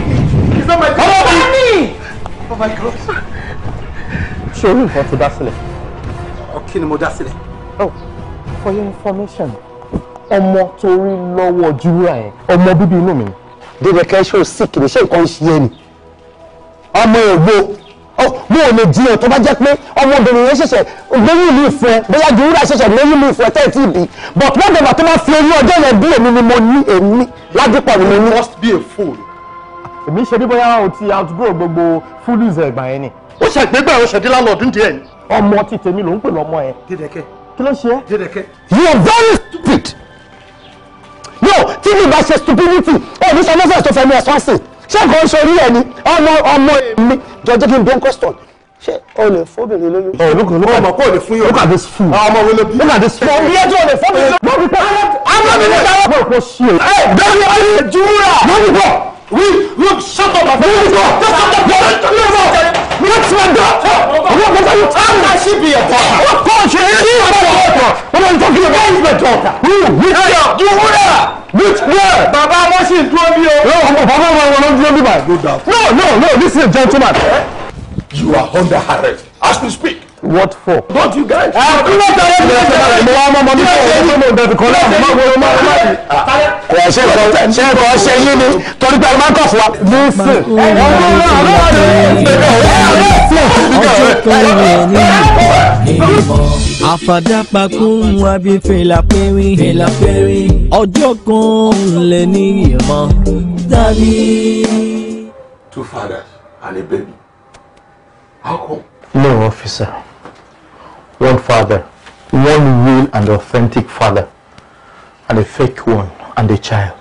is that my daughter? ọmọ mi. oh my God. ṣé orí nǹkan ti dá sílẹ̀. ọ̀kí oh, ni mo dá sílẹ̀. oh for your information ọmọ torí lọ́wọ́ júwúrà yẹn ọmọ bíbí inú mi ni débẹ̀kẹ́ ṣó sì kìíní ṣé nǹkan ṣe ẹni ọmọ ògbó mo ò jiyàn tó bá jẹ́ pé ọmọbìnrin yẹn ṣẹ̀ṣẹ̀ lóyún ìlú ìfún ẹ bóyá jùwúrà ṣẹ̀ṣẹ̀ lóyún ìlú ìfún ẹ tẹ́ but wọ́n dẹ̀gbà tó bá fi oyún ọjọ́ yẹn bí èmi ni mo ní èmi ládùúpọ̀ ni mo ní. must be a fool. èmi ṣe bí bóyá o ti outgrow gbogbo fúlùs ẹ̀gbà yẹn ni. ó ṣe àgbégbà ó ṣe dílà lọ́dún díẹ̀ ni. ọmọ ti tèmi ló ń pè lọ́mọ ẹ. dédèké kí ló ṣe é. dédèké you are very stupid tí mi bá ṣe stupidity ó ní sọmọ́sẹ̀ tó fẹ́ mi ẹ̀sán sí ṣé kò ń sori ẹ̀ ni ọmọ ọmọ èmi jọjọ kí n bẹ́ẹ̀ question ṣé o lè fóbìnrin lóyún. ọ̀ lókè lókè ọmọ kò lè fún yóò. look at this fool. Ah, ọmọ wo ló bí. look at this fool. ìyẹn tí o lè fóbìnrin lóyún. mọ̀bí pọ̀ amọ̀bìnrin dáwọ́. mọ̀ kò ṣe. ẹ bẹ́ẹ̀ni ọ̀rẹ́ jùlọ. mọ̀bí pọ̀. we look shut up. mọ̀bí pọ̀. What's my daughter? What, are you talking about? She be your daughter. Of course, she is my daughter. What are you talking about? That is my daughter. Who? Which girl? You who there? Which girl? Bàbá wọn sì dúró bí o. No, bàbá wọn wọn dúró bí báyìí. No, no, no, this is a gentleman. You are under arrest as we speak. What for? Don't you guys? Ah, kí ló tẹ̀lé mi lẹ́sẹ̀ mi wá mọ́mọ́ mi fún mi mo dẹ̀bi kan náà mo mọ̀ mọ́ mọ́ mi. Kò ẹ̀ ṣe kọ ṣe kọ ṣe yín ni torí pé a máa ń kọ̀ fún wa. Listen. Àfàdàpàkùn àbí fèlà péré. Fèlà péré. Ọjọ́ kan lè ní ìmọ̀ dání. Two fathers and a baby. How come? No, officer. One father, one real and authentic father, and a fake one and a child.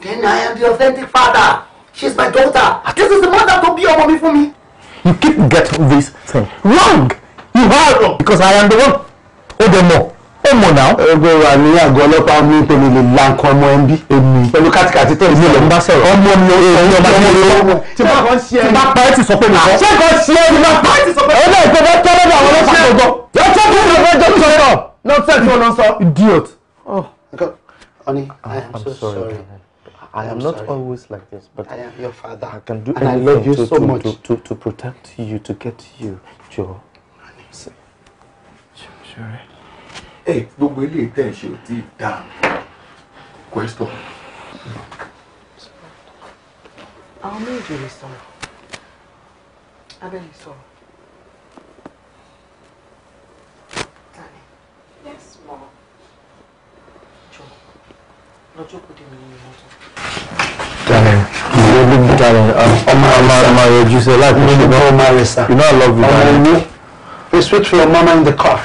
Then I am the authentic father. She's my daughter. This is the mother to be a mommy for me. You keep getting this thing wrong. You are wrong because I am the one. Oh, the more ó mọ̀ náà. ẹgbẹ́ wa ní àgọ́ ọlọ́pàá mi pé mi lè la nǹkan ọmọ ẹbí èmi pẹ̀lú kátikàtí tẹ̀ sí ọmọ ọmọ mi ò èmi ọmọ mi ò tí bá kàn ṣe ẹni tí bá pa ẹ ti sọ pé mi kọ́. ṣé kàn ṣe ẹni bá pa ẹ ti sọ pé mi kọ́. ọ̀nà ìpẹ́fẹ́ tọ́lọ́dọ̀ àwọn ọlọ́pàá tó gbọ́. yóò tó kí ọ̀rọ̀ ẹjọ́ tó sọ. nonsense wọn lọ sọ. idiot. Oh. honey i am so sorry. I am, I am not sorry. always like this, but I am your father. I can do and anything I love you to, so to, much. To, to, to protect you, to get you, Joe. Sure. Sure ẹ gbogbo ilé tẹ̀ ń ṣe ò tí ì dá question. àwọn méjì lè sọ̀rọ̀ abẹ́ lè sọ̀rọ̀. lọ́jọ́ kò dé mi nínú mọ́tò. ọmọ ọmọ ọmọ yọjú sí ẹ láti. ọmọ ọmọ rẹ sá. you know I love you. ọmọ inú. Respect for your mama in the car.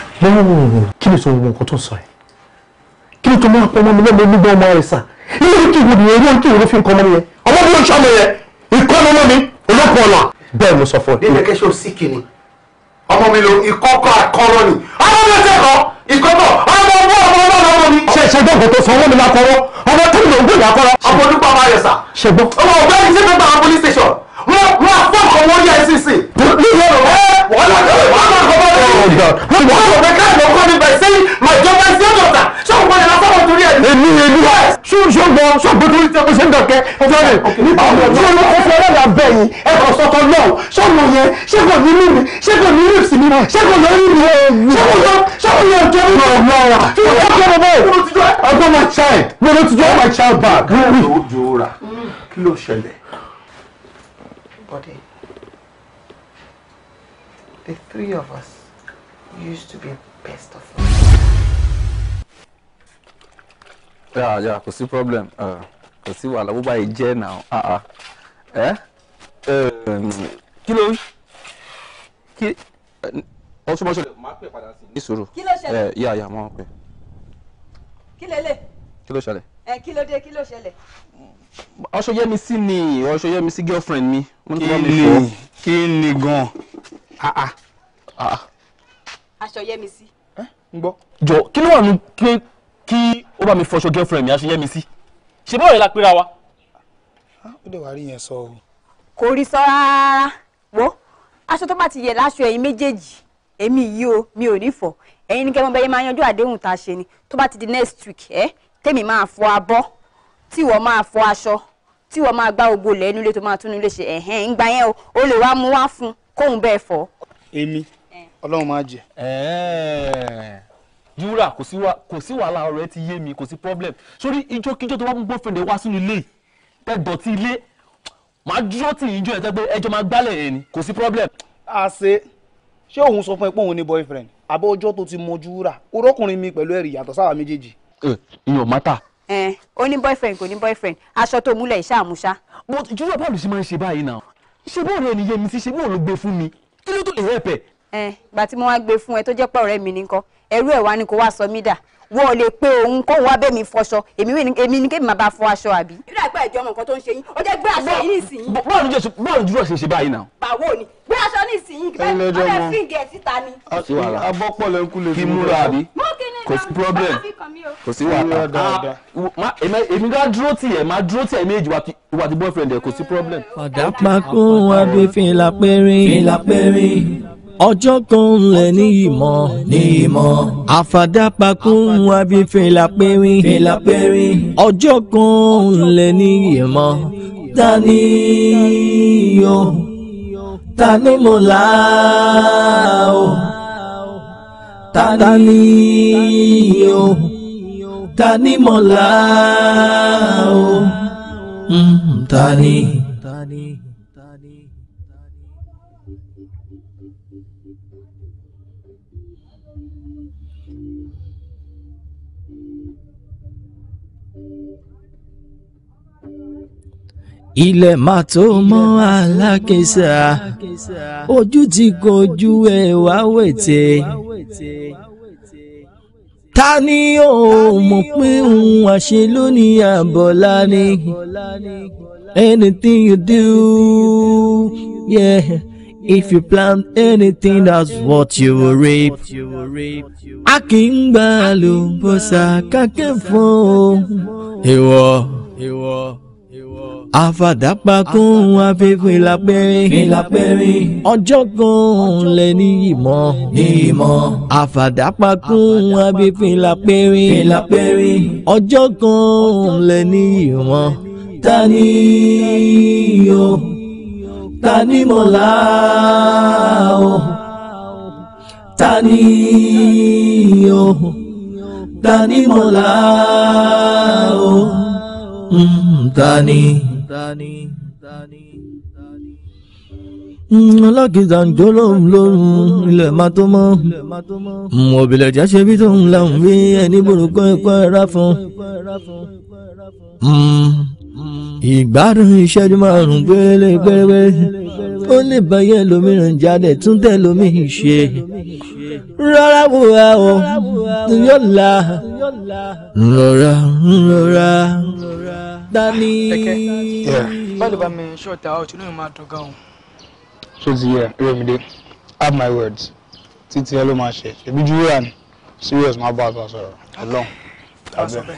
kí ni sọ̀rọ̀ nǹkan tó sọ ẹ̀ kí ni tó máa pọ̀ mọ́ mi lẹ́nu nígbà ọmọ rẹ̀ sà ilé ìkí ìwé nìyẹn ilé ìkí ìwé ló fi nǹkan mọ́ mi yẹn ọmọ mi ló ń ṣọmọ yẹn ikọ́ ni mọ́ mi olóko ọ̀la. bẹ́ẹ̀ mo sọ fún ọ. ní ìlẹ̀kẹ́ ṣe o sí kìnnì ọmọ mi lo ìkọ́kọ́ àkọ́rọ́ ni ọmọ mi ló ìkọ́kọ́ ọmọ ọmọ ọmọ ọmọ ọmọ mi. ṣe ṣe gbọ́dọ̀ tó sanwó mi lákọ́rọ́ ọmọ tó ń lò ó gbé lákọ́rọ́. ọmọ olùkọ́ ọmọ ayọ̀sà. ṣe gbọ́. ọmọ ọ̀gbẹ́ni tí mo gbà wọn police station. wọ́n wọ́n I'm one of the kind of coming by saying my job is your daughter. So I'm going to have to read. Èmi èmi ṣó ṣó gbọ́ ṣó gbọ́dọ̀ ní tẹ́kọ̀ ṣe ń dọ̀kẹ́ ọjọ́ rẹ̀ nípa ọ̀rọ̀ tí wọ́n fẹ́ fẹ́ rẹ̀ bẹ̀ yìí ẹ̀kọ́ sọ́tọ̀ náà ṣó mọ̀ yẹn ṣé kò ní mímu ṣé kò ní rìpsì mi ṣé kò lọ rí mi ṣé kò lọ ṣé kò lọ jẹ́ mi. I got my child mo ló ti jọ́ my child back. jòòrà kí ló ṣẹlẹ̀. The three of us used to be best of us. Yeah, yeah, kò sí problem. Ah, kò sí wàhálà bó bá yìí jẹ́ now? Ẹ ah, ah. eh? ehm, kí ló kí eh, ọtún mọ́ṣọ́lẹ̀ máa pè padà sí ní sùúrù. Kí ló ṣẹlẹ̀? Yà yà máa pè. Kí lélẹ̀? Kí ló ṣẹlẹ̀? Ẹ eh, kí ló dé kí ló ṣẹlẹ̀? Ọṣọ yẹ ni ọṣọ yẹ girlfriend mi. Kí ni kí ni gan-an? aṣọ Yẹ́misí. ẹ ń gbọ́. jọ kí ló wà ní pé kí ó bá mi fọṣọ girlfriend mi aṣọ Yẹ́misí ṣe bọ́ọ̀rẹ́ la pera wa. ó dẹ̀ wá rí yẹn sọ o. kò rí sọ rárá wo aṣọ tó bá ti yẹ láṣọ ẹ̀yin méjèèjì èmi yìí o mi ò ní fọ ẹ̀yin ní kẹ́ mọ́ bẹ́ẹ̀ máa yanjú àdéhùn tá a ṣe ni tó bá ti di next week ẹ tèmi máa fọ abọ́ tí wọ́n máa fọ aṣọ tí wọ́n máa gbá gbogbo lẹ́nu ilé tó máa tún ilé ṣe ẹ̀hẹ́n ń gba yẹn o ó lè wá mú wá fún kóun bẹ́ẹ̀ fọ. èmi Ọlọ́run máa jẹ. Júwúrà kò sí wàhálà ọ̀rọ̀ ẹ ti yé mi kò sí problem sórí ìjọ́kíjọ́ tó bá mú boyfriend ẹ wá sínú ilé pẹ́ dọ̀tí ilé màá dúró tì í jọ ẹ pé ẹjọ́ máa gbálẹ̀ ẹ ni kò sí problem. a ṣe ṣé òun sọ fún ẹ pé òun ní boyfriend àbọ̀ ọjọ́ tó ti mọ Júwúrà orọ́kùnrin mi pẹ̀lú ẹ̀rì yàtọ̀ sáwà méjèèjì. ìyàn mátà. ẹ ó ní boyfriend kò ní boyfriend aṣọ tó múlẹ̀ ìṣá àmúṣá. but Júwúrà báwo ló ṣe máa ń ṣe báyìí náà ṣe bóòrò ẹni yé mi sí ṣe bóòrò gbé fún mi kí ló tó lè rẹ̀ pẹ̀ ìgbà tí mo wá gbé fún ẹ tó jẹ́ pé ọ̀rẹ́ mi ní kọ́ ẹrú ẹ̀ wá ni kò wá sọ mí dà wọ́n lè pe òun kó wá bẹ́ẹ̀ mi fọṣọ èmi ni kémi máa bá fọ aṣọ àbí. irú àgbà ìjọ ọmọ nǹkan tó ń ṣe yín ó jẹ́ gbé aṣọ yín nísìnyí. bọ́ọ̀lù jésù bọ́ọ̀lù dúró ṣe ṣe báyìí náà. báwo ni gbé aṣọ nísìnyí bẹ́ẹ̀ ọ̀rẹ́ fíngẹ̀ síta ni. abọ́pọ̀ lẹ ń kú lè fi múra àbí kò sí problem kò sí wàhálà. èmi dá dúró tì ẹ̀ máa dúró tì ẹ̀ méjì wà ti boyfriend ẹ̀ kò sí problem. ọ̀dà pa kó wọn bí fìlà pẹ́rín. fìlà pẹ́rín ọjọ́ kan lẹ̀ ní ìmọ̀ ní ìmọ̀ àfàdàpàkùn àbí fìlà pẹ́rin fìlà pẹ́rin ọjọ́ kan lẹ̀ ní ìmọ̀ tani yo ni mo la o tani yo tani mo la o mm, tani. tani ilẹ̀ má tó mọ́ alákẹ́sà ojú ti kojú ẹ̀ wá wètè ta ni ó mọ̀ pé òun àṣẹ lónìí àbọ̀lá ni anything you do yeah. If you plan anything, that's what you will reap. A kì í gba Iwo. Afadapakun fún ìwọ. Àfàdàpakùn afẹ́fẹ́ lápẹ́rín. Fìlápẹ́rín. Ọjọ́ kan lẹ ní ìmọ̀. Ní ìmọ̀. Àfàdàpakùn afẹ́fẹ́ lápẹ́rín. Fìlápẹ́rín. Ọjọ́ kan lẹ ní ìmọ̀. Ta ni yóò? mola o oh. oh. mm, tani o mola o tani. Lákìtà ń jó lóhùn lóhùn ilẹ̀ máa tó mọ́. Òbílẹ̀ jà ṣe bí tóun làwọn bí ẹni burúkú ẹ̀kọ́ ẹ̀rá fún ìgbádùn ìṣẹ́jú márùn-ún péré péré ó lè báyẹ̀ lómìnira jáde tún tẹ̀ lómi ṣe rọra wúra o yóò rọra rọra dání. báyìí bá mi ṣọ́ọ̀tà ọ̀tún ní ìmọ̀ àtọ́gá o. ṣé ti yẹ Rẹ́mídé have my words títí ẹ ló máa ṣe ẹbí júwèé àná serious máa bá a sọ̀rọ̀ Ọlọ́run tàbí ẹ.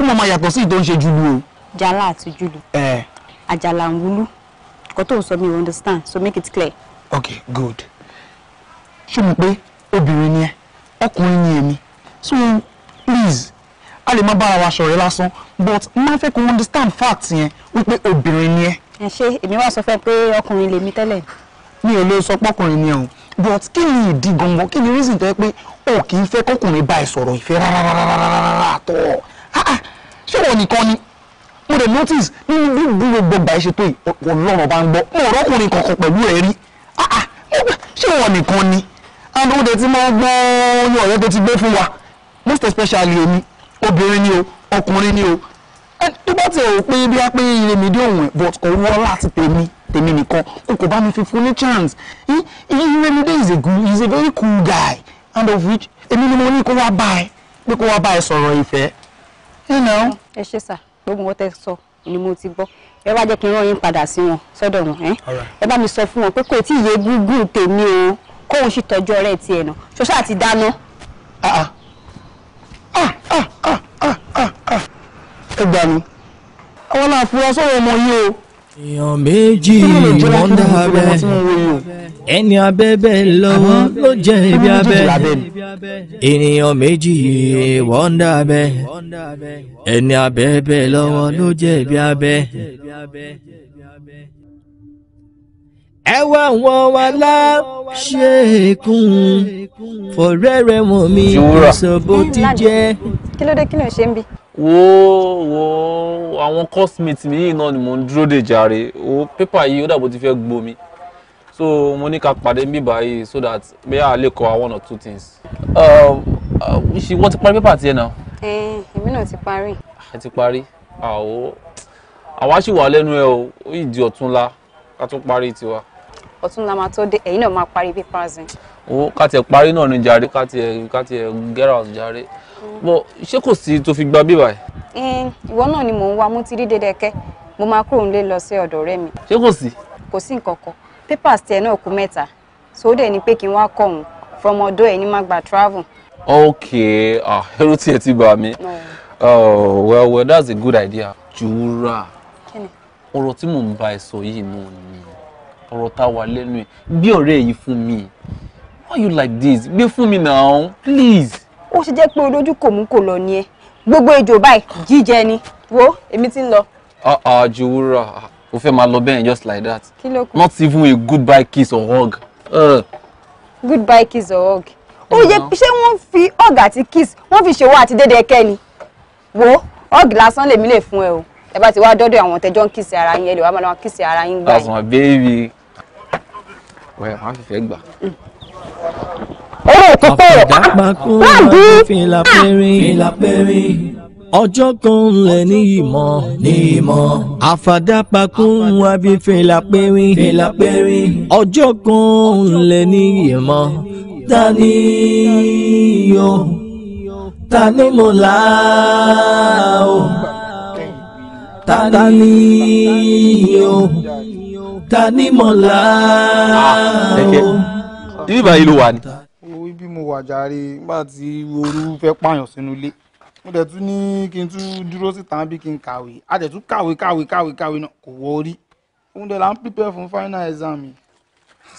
ó mọ̀ máa yàtọ̀ sí ìtò ń ṣe júlù o. jala àti júlù. ẹ. àjàlá ń wúlú nǹkan tó ń sọ mi you understand so make it clear. okay good ṣé mo pé obìnrin ni ẹ ọkùnrin ni èmi so please a lè má bára wa ṣọ̀rẹ́ lásán but máa fẹ́ kó understand fact yẹn wípé obìnrin ni ẹ. ẹ ṣe èmi wá sọ fẹ́ pé ọkùnrin lèmi tẹ́lẹ̀. mi ò lè sọ pọkùnrin ni ẹ o but kí ni ìdí gangan kí ni reason tó yẹ pé o kì í fẹ́ kọkùnrin bá ẹ sọ̀rọ̀ ìfẹ́ rárá rárá rárá àtọ̀ ṣé wọ́n nìkan ni mo dẹ̀ notice nínú gbogbo gbogbo gbà ẹ ṣe tó yìí ọlọ́run bá ń gbọ́ mo rọ́kùnrin kankan pẹ̀lú ẹ̀ rí ah, ah, ṣé wọ́n nìkan ni and ó dẹ̀ ti máa ń gbọ́ ní ọ̀rẹ́ tó ti gbé fún wa most especially èmi obìnrin ni o ọkùnrin ni o tó bá ti rò pé bí a pé ire mi dé òun ẹ̀ but òun wọ́n láti tèmi tèmi nìkan o kò bá mi fi fún ní chance ire mi dé is a good is a very cool guy and of which èmi ni mo ní kó wá bá ẹ pé kó wá bá ẹ sọ̀rọ̀ ìfẹ́ you know. ẹ ṣe sà gbogbo wọn tẹ sọ ni mo ti gbọ́ ẹ wá jẹ́ kí n rán yín padà sí wọn sọ́dọ̀ wọn ẹ bá mi sọ fún wọn pé kò tí ì yé gúgú tèmi o kóun sì tọ́jú ọ̀rẹ́ tiẹ̀ nà ṣoṣo àti dáná. Ah, ah. Ah, ẹ gbà mí àwọn náà fura sọ̀rọ̀ ọmọ yìí o èèyàn méjì wọ́n dábẹ́ ẹni abẹ́bẹ́ lọ́wọ́ ló jẹ́ ibi abẹ́ ènìyàn méjì wọ́n dábẹ́ ẹni abẹ́bẹ́ lọ́wọ́ ló jẹ́ ibi abẹ́. ẹ wá wọn wá láṣẹkùn fọrẹrẹ wọn mi sọ ti jẹ. kí ló dé kí ló ṣe ń bí wo wo àwọn cosmate mi yìí náà ni mo ń dúró de jàre o pépà yìí ó dàbò ti fẹ́ gbomi so mo ní ká pàdé níbí báyìí so that bẹ́ẹ̀ a lè kọ́ one or two things. Um, um, ṣe wọ́n ti parí pépà tiẹ̀ náà. ẹ eh, èmi náà ti parí. ẹ ti parí àwọ àwa sì wà lẹ́nu ẹ o ó yìí di ọ̀túnla ká tún parí tiwa. ọ̀túnla máa tó dé ẹ̀yin náà máa parí pépà zin. o ká tiẹ̀ parí náà ní jàre ká tiẹ̀ ká tiẹ̀ gẹ́rà jàre bọ ṣé kò sí tó fi gba bíbà ẹ. ìwọ náà ni mò ń wá mú ti rí dédéke mo máa kúrò nílé lọ sí ọ̀dọ̀ ọ̀rẹ́ mi. ṣé kò sí. kò sí nǹkan kan papers tiẹ̀ náà kù mẹ́ta sódẹ̀ ni pé kí n wá kọ̀ òun from ọ̀dọ̀ ẹ̀ ní má gba travel. ok ẹrú tiẹ̀ ti bà mí oh, well well that's a good idea. jura ọ̀rọ̀ tí mò ń bá ẹ sọ yìí náà ni ọ̀rọ̀ tá a wà lẹ́nu ẹ̀ gbé ọ̀rẹ́ yìí fún mi why you like this gbé fún mi now please ó ṣe jẹ́ pé olójú kò mú kò lọ ni ẹ gbogbo ejò báyìí jíjẹ ni wo èmi ti ń lọ. àjò ah, ah, wúrà o fẹ́ máa lọ bẹ́ẹ̀ just like that not even a goodbye kiss or hug. Uh. goodbye kiss or hug ó ye ṣé wọ́n fi hug àti kiss wọ́n fi ṣòwò àti dédé ẹkẹ́ ni wo hug lásán lèmi lè fún ẹ o ẹ bá ti wá dọ́dọ̀ àwọn tẹjọ́ ń kìsì ara yín ẹ lè wá máa kìsì ara yín gbà yín. that's my baby. wẹ́ẹ̀ máa fìfẹ́ gbà. Mm owó tó pé báńdì ọjọ́ kan lẹ̀ ní ìmọ̀ ní ìmọ̀ àfàdàpàkùn àbí fìlà pẹ́rín fìlà pẹ́rín ọjọ́ kan lẹ̀ ní ìmọ̀ tani yo tani mo la o tani yo tani mo la o. ibi báyìí ló wà ní. bí mo wà jàre nígbà tí ooru fẹ́ pààyàn sínú ilé mo dẹ̀ tún ní kí n tún dúró síta bí kí n kàwé a dẹ̀ tún kàwé kàwé kàwé kàwé náà kò wọrí òun dẹ̀ là prepare fún final exam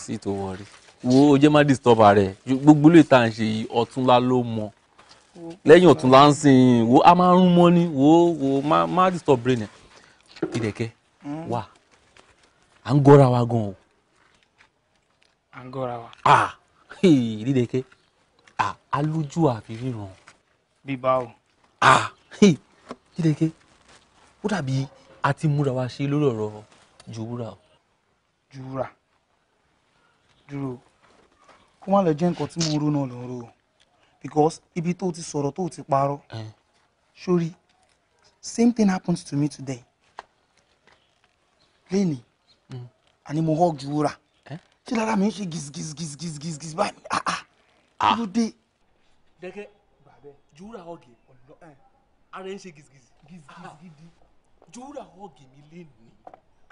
sí tó wọrí wo má disturb rẹ̀ gbogbo lè ìta ṣe yìí ọ̀túnla ló mọ lẹ́yìn ọ̀túnla ń sìn wo a máa ń ni wo wo má disturb Ìdídeke, alójú àfi ríran. Bíbá o. Dídeke, ó dàbí a ti múra wa ṣe lórí ọ̀rọ̀ Jùwúrà o. Jùwúrà. Dúró. Kó má lọ jẹ́ nǹkan tí mo rò náà ló ń Because ibi tó ti sọ̀rọ̀ tó ti parọ́. Sori, same thing happens to me today. Lénìí, hmm. àní mo hug Jùwúrà ṣé lára mi ń ṣe gìsgìsgìsgìsgìs báyìí ah, ah. Ah. kí ló dé. dẹ́kẹ́ bàbẹ́ júwúrà ọ̀gẹ̀ ọ̀lọ́ ara ń ṣe gìsgìs gìsgìs gidi júwúrà ọ̀gẹ̀ mi lé ní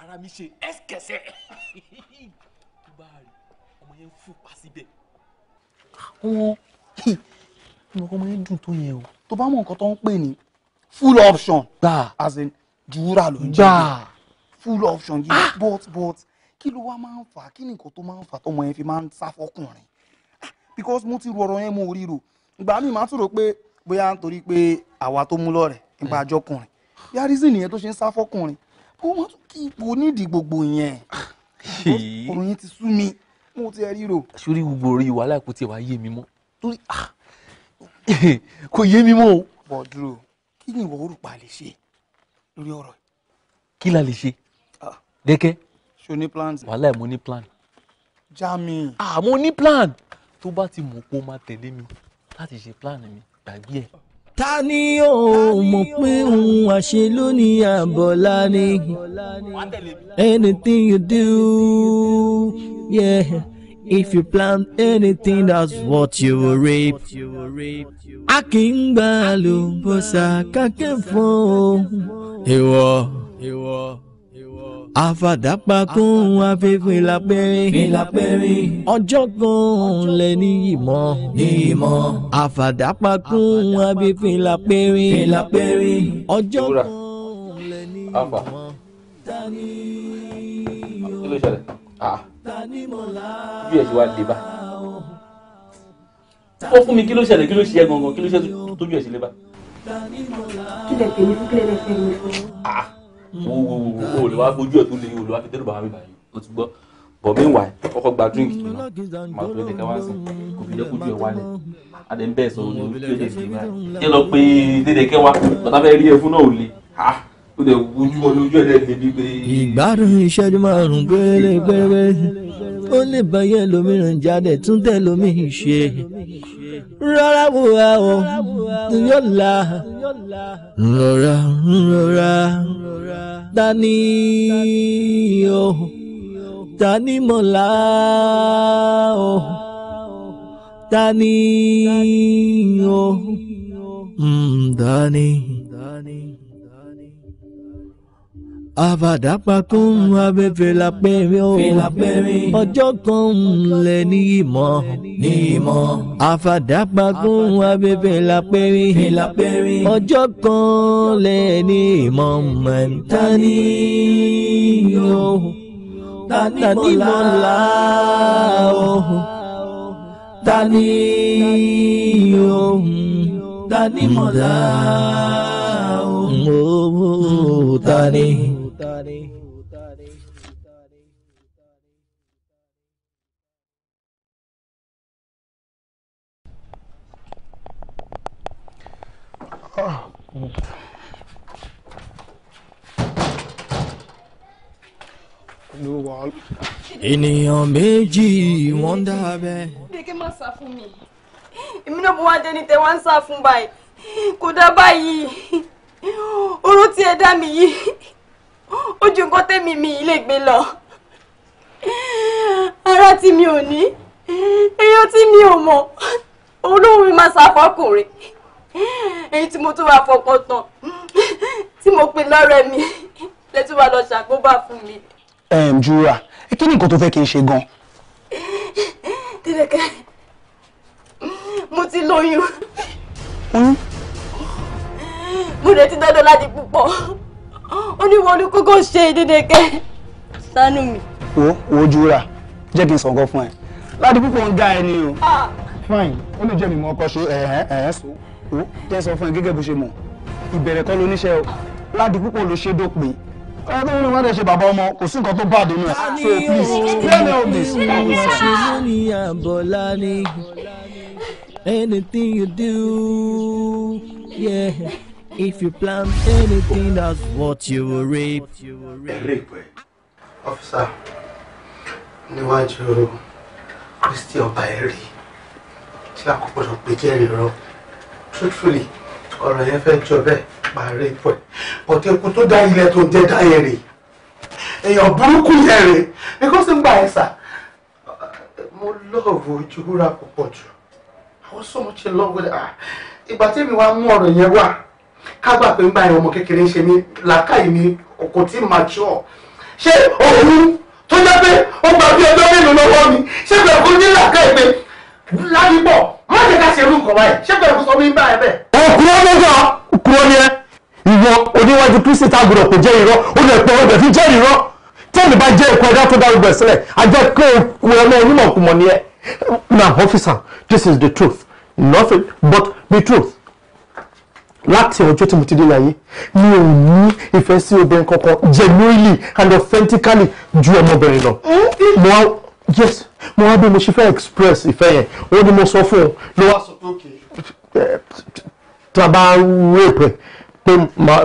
ara mi ṣe ẹ̀sìkẹsẹ̀ tó bá rí ọmọ yẹn ń fò pa síbẹ̀. wọn ọmọ yẹn dùn tó yẹn o tó bá full option gbà as in júwúrà ló ń full option yìí but but kí ló wá máa ń fà á kí ni nǹkan tó máa ń fà á tọmọ yẹn fi máa ń sá fọkùnrin ah, because mo ti ru ọ̀rọ̀ yẹn mo rí ro ìgbà míì máa tún rò pé bóyá nítorí pé àwa tó mú lọ́rẹ̀ nípa àjọkùnrin hmm. bí arísìn nìyẹn tó ṣe ń sá fọkùnrin kó má tún kí ipò nídìí gbogbo yẹn ah, ọ̀rọ̀ yẹn ti sú mi mo ti rí ro. sórí gbogbo orí wàhálà kò tiẹ̀ wá yé mi mọ́ torí ah. kò yé mi mọ́ o. bọ̀ dúró kí ni ìwọ orúkọ àlè ṣe lórí ọ̀rọ̀ yìí. kí la lè ṣe dẹ́kẹ́ ṣo ní plan. wàhálà mo ní plan. já mi. ah mo ní plan tó bá ti mọ̀ pé ó máa tẹ̀lé mi láti ṣe plan mi gbàgbé ẹ̀. ta ni ó mọ̀ pé òun àṣẹ lónìí àbọ̀lá ni anything you do yeah. If you plant anything, that's what you will reap. A kì í gbà lóbọ̀sà kákẹ́ fún ìwọ àfàdàpàkùn afẹ́fẹ́ lápẹ́rín. ní lápẹ́rín. ọjọ́ kan lẹ ní ìmọ̀. ní ìmọ̀. àfàdàpàkùn afẹ́fẹ́ lápẹ́rín. ní lápẹ́rín. ọjọ́ kan lẹ ní ìmọ̀. tani yóò ah. tani mọ̀lá. bí ẹ ti wá dé bá. ó fún mi kí ló ṣẹlẹ̀ kí ló ṣe ẹ gangan kí ló ṣe tójú ẹ̀ sí bá. tani mọ̀lá. kílẹ̀ tèmi fún kílẹ̀ lẹ́sẹ̀ mi fún but meanwhile kọ́kọ́ gba drink yìí náà màá tó lè kẹ́wàá sí kò fi jẹ́kú ju ẹ̀ wálẹ̀ adé ń bẹ́ẹ̀ sọ̀rọ̀ lórí kéde kéwàá jẹ́ lọ pé dédé kẹ́wàá bàtà fẹ́ rí ẹ fún náà ò le ha ó lè wojú ọdún ojú ẹ̀ lẹ́ẹ̀dẹ́ pé. ìgbádùn ìṣẹ́jú márùn-ún péré péré ó lè báyẹn lómìíràn jáde tún tẹ lómìíràn ṣe rọra wo a o yóò la rọra rọra ta ni o ta ni mọ̀lá o ta ni o hmm, ta ni. àbàdàpàkùn abẹ́fẹ́lá pẹ́rin o ọjọ́ kan lẹ̀ ní ìmọ̀ ní ìmọ̀ àfàdàpàkùn abẹ́fẹ́lá pẹ́rin ọjọ́ kan lẹ̀ ní ìmọ̀ mẹ́ntání o tani mọ̀lá o tani o tani mọ̀lá o tani. wà. ènìyàn méjì wọ́n dà bẹ́ẹ̀. gbẹ̀gẹ́ má sá fún mi èmi náà bó wá dé ní tẹ wá ń sá fún báyìí kò dá báyìí oró tí ẹ dá mi yìí ó ju nǹkan tẹ́mi mi yìí lè gbé lọ ara tí mi ò ní èèyàn tí mi ò mọ̀ olóhùn mi máa ṣàfọkùnrin èyí tí mo tún wá fọkàn tán tí mo pè lọ́rẹ́ mi lẹ́tí lọ ṣàgbóbà fún mi jura kí ni nǹkan tó fẹ́ kí n ṣe gan. tẹlẹkẹ mo ti lóyún. oyún. mo retí dandan láti púpọ̀ ó ní wọn ní kókó ṣe dédékẹ́ sánú mi. wo wo jura jẹ́ kí n sọ̀kan fún ẹ láti púpọ̀ ń ga ẹ ni o. fine ó lè jẹ́ mi mọ́ ọkọ ṣe ẹ̀hẹ́ ẹ̀hẹ́ so wo jẹ́ sọ fún ẹ gẹ́gẹ́ bó ṣe mọ̀ ìbẹ̀rẹ̀ kọ́ ló o láti púpọ̀ ló ṣe dópin ẹ tó ní lè ṣe bàbá ọmọ kò sí nǹkan tó bá àdéhùn ẹ so please spare anything you do yeah. if you plan anything that's what you will reap. rape ẹ ọfíìsà níwájú kristi ọba ẹ rí tí a kò gbọdọ̀ pé jẹ́rìí rọ truthfully ọ̀rọ̀ yẹn fẹ́ jọ bẹ́ẹ̀ parẹ́ pọ̀ ẹ̀ bọ̀tẹ́ tó dá ilẹ̀ tó jẹ́ dá yẹn rè èèyàn burúkú yẹn rè because ń gbà ẹ̀ mo lọ́ọ̀bù ojúwúrà púpọ̀ jù I was so much in love with her ah, ìgbà tí mi wá mú ọ̀rọ̀ yẹn wá ká gbà pé ń bá ọmọ kékeré ṣe ní làákàyè mi kò tí ì mature ṣé òun tó jẹ́ pé ó gba bí ọjọ́ mélòó lọ́wọ́ mi ṣé bẹ̀rù kó ní làákàyè pé ládìpọ̀ má jẹ́ ká ṣe irú nǹkan báyìí ṣé bẹ̀rù kó sọ mí báyìí bẹ́ẹ̀ kúrò lọ́jọ́ kúrò ní ẹ ìwọ oníwájú kristi tá gbọdọ̀ kò jẹ́ irọ́ ó lè pọ̀ ọbẹ̀ fi jẹ́ irọ́ tẹ́lẹ̀ bá jẹ́ ẹ̀kọ́ ẹ̀dá tó dárúgbó ẹ̀ sílẹ̀ ajẹ́ pé òkú ọmọ onímọ̀kùmọ̀ ni ẹ. now officer this is the truth nothing but the truth láti ọjọ́ tí mo ti dé láyé mi ò ní ìfẹ́ sí obìnrin kankan genuinely and authentically ju ọmọbìnrin lọ. Hmm? mo wá yes mo wá bí mo ṣe fẹ́ express ìfẹ́ yẹn ó ní mo sọ fún un ló wá sọ pé okay. Eh, tí a bá rape ẹ̀ pé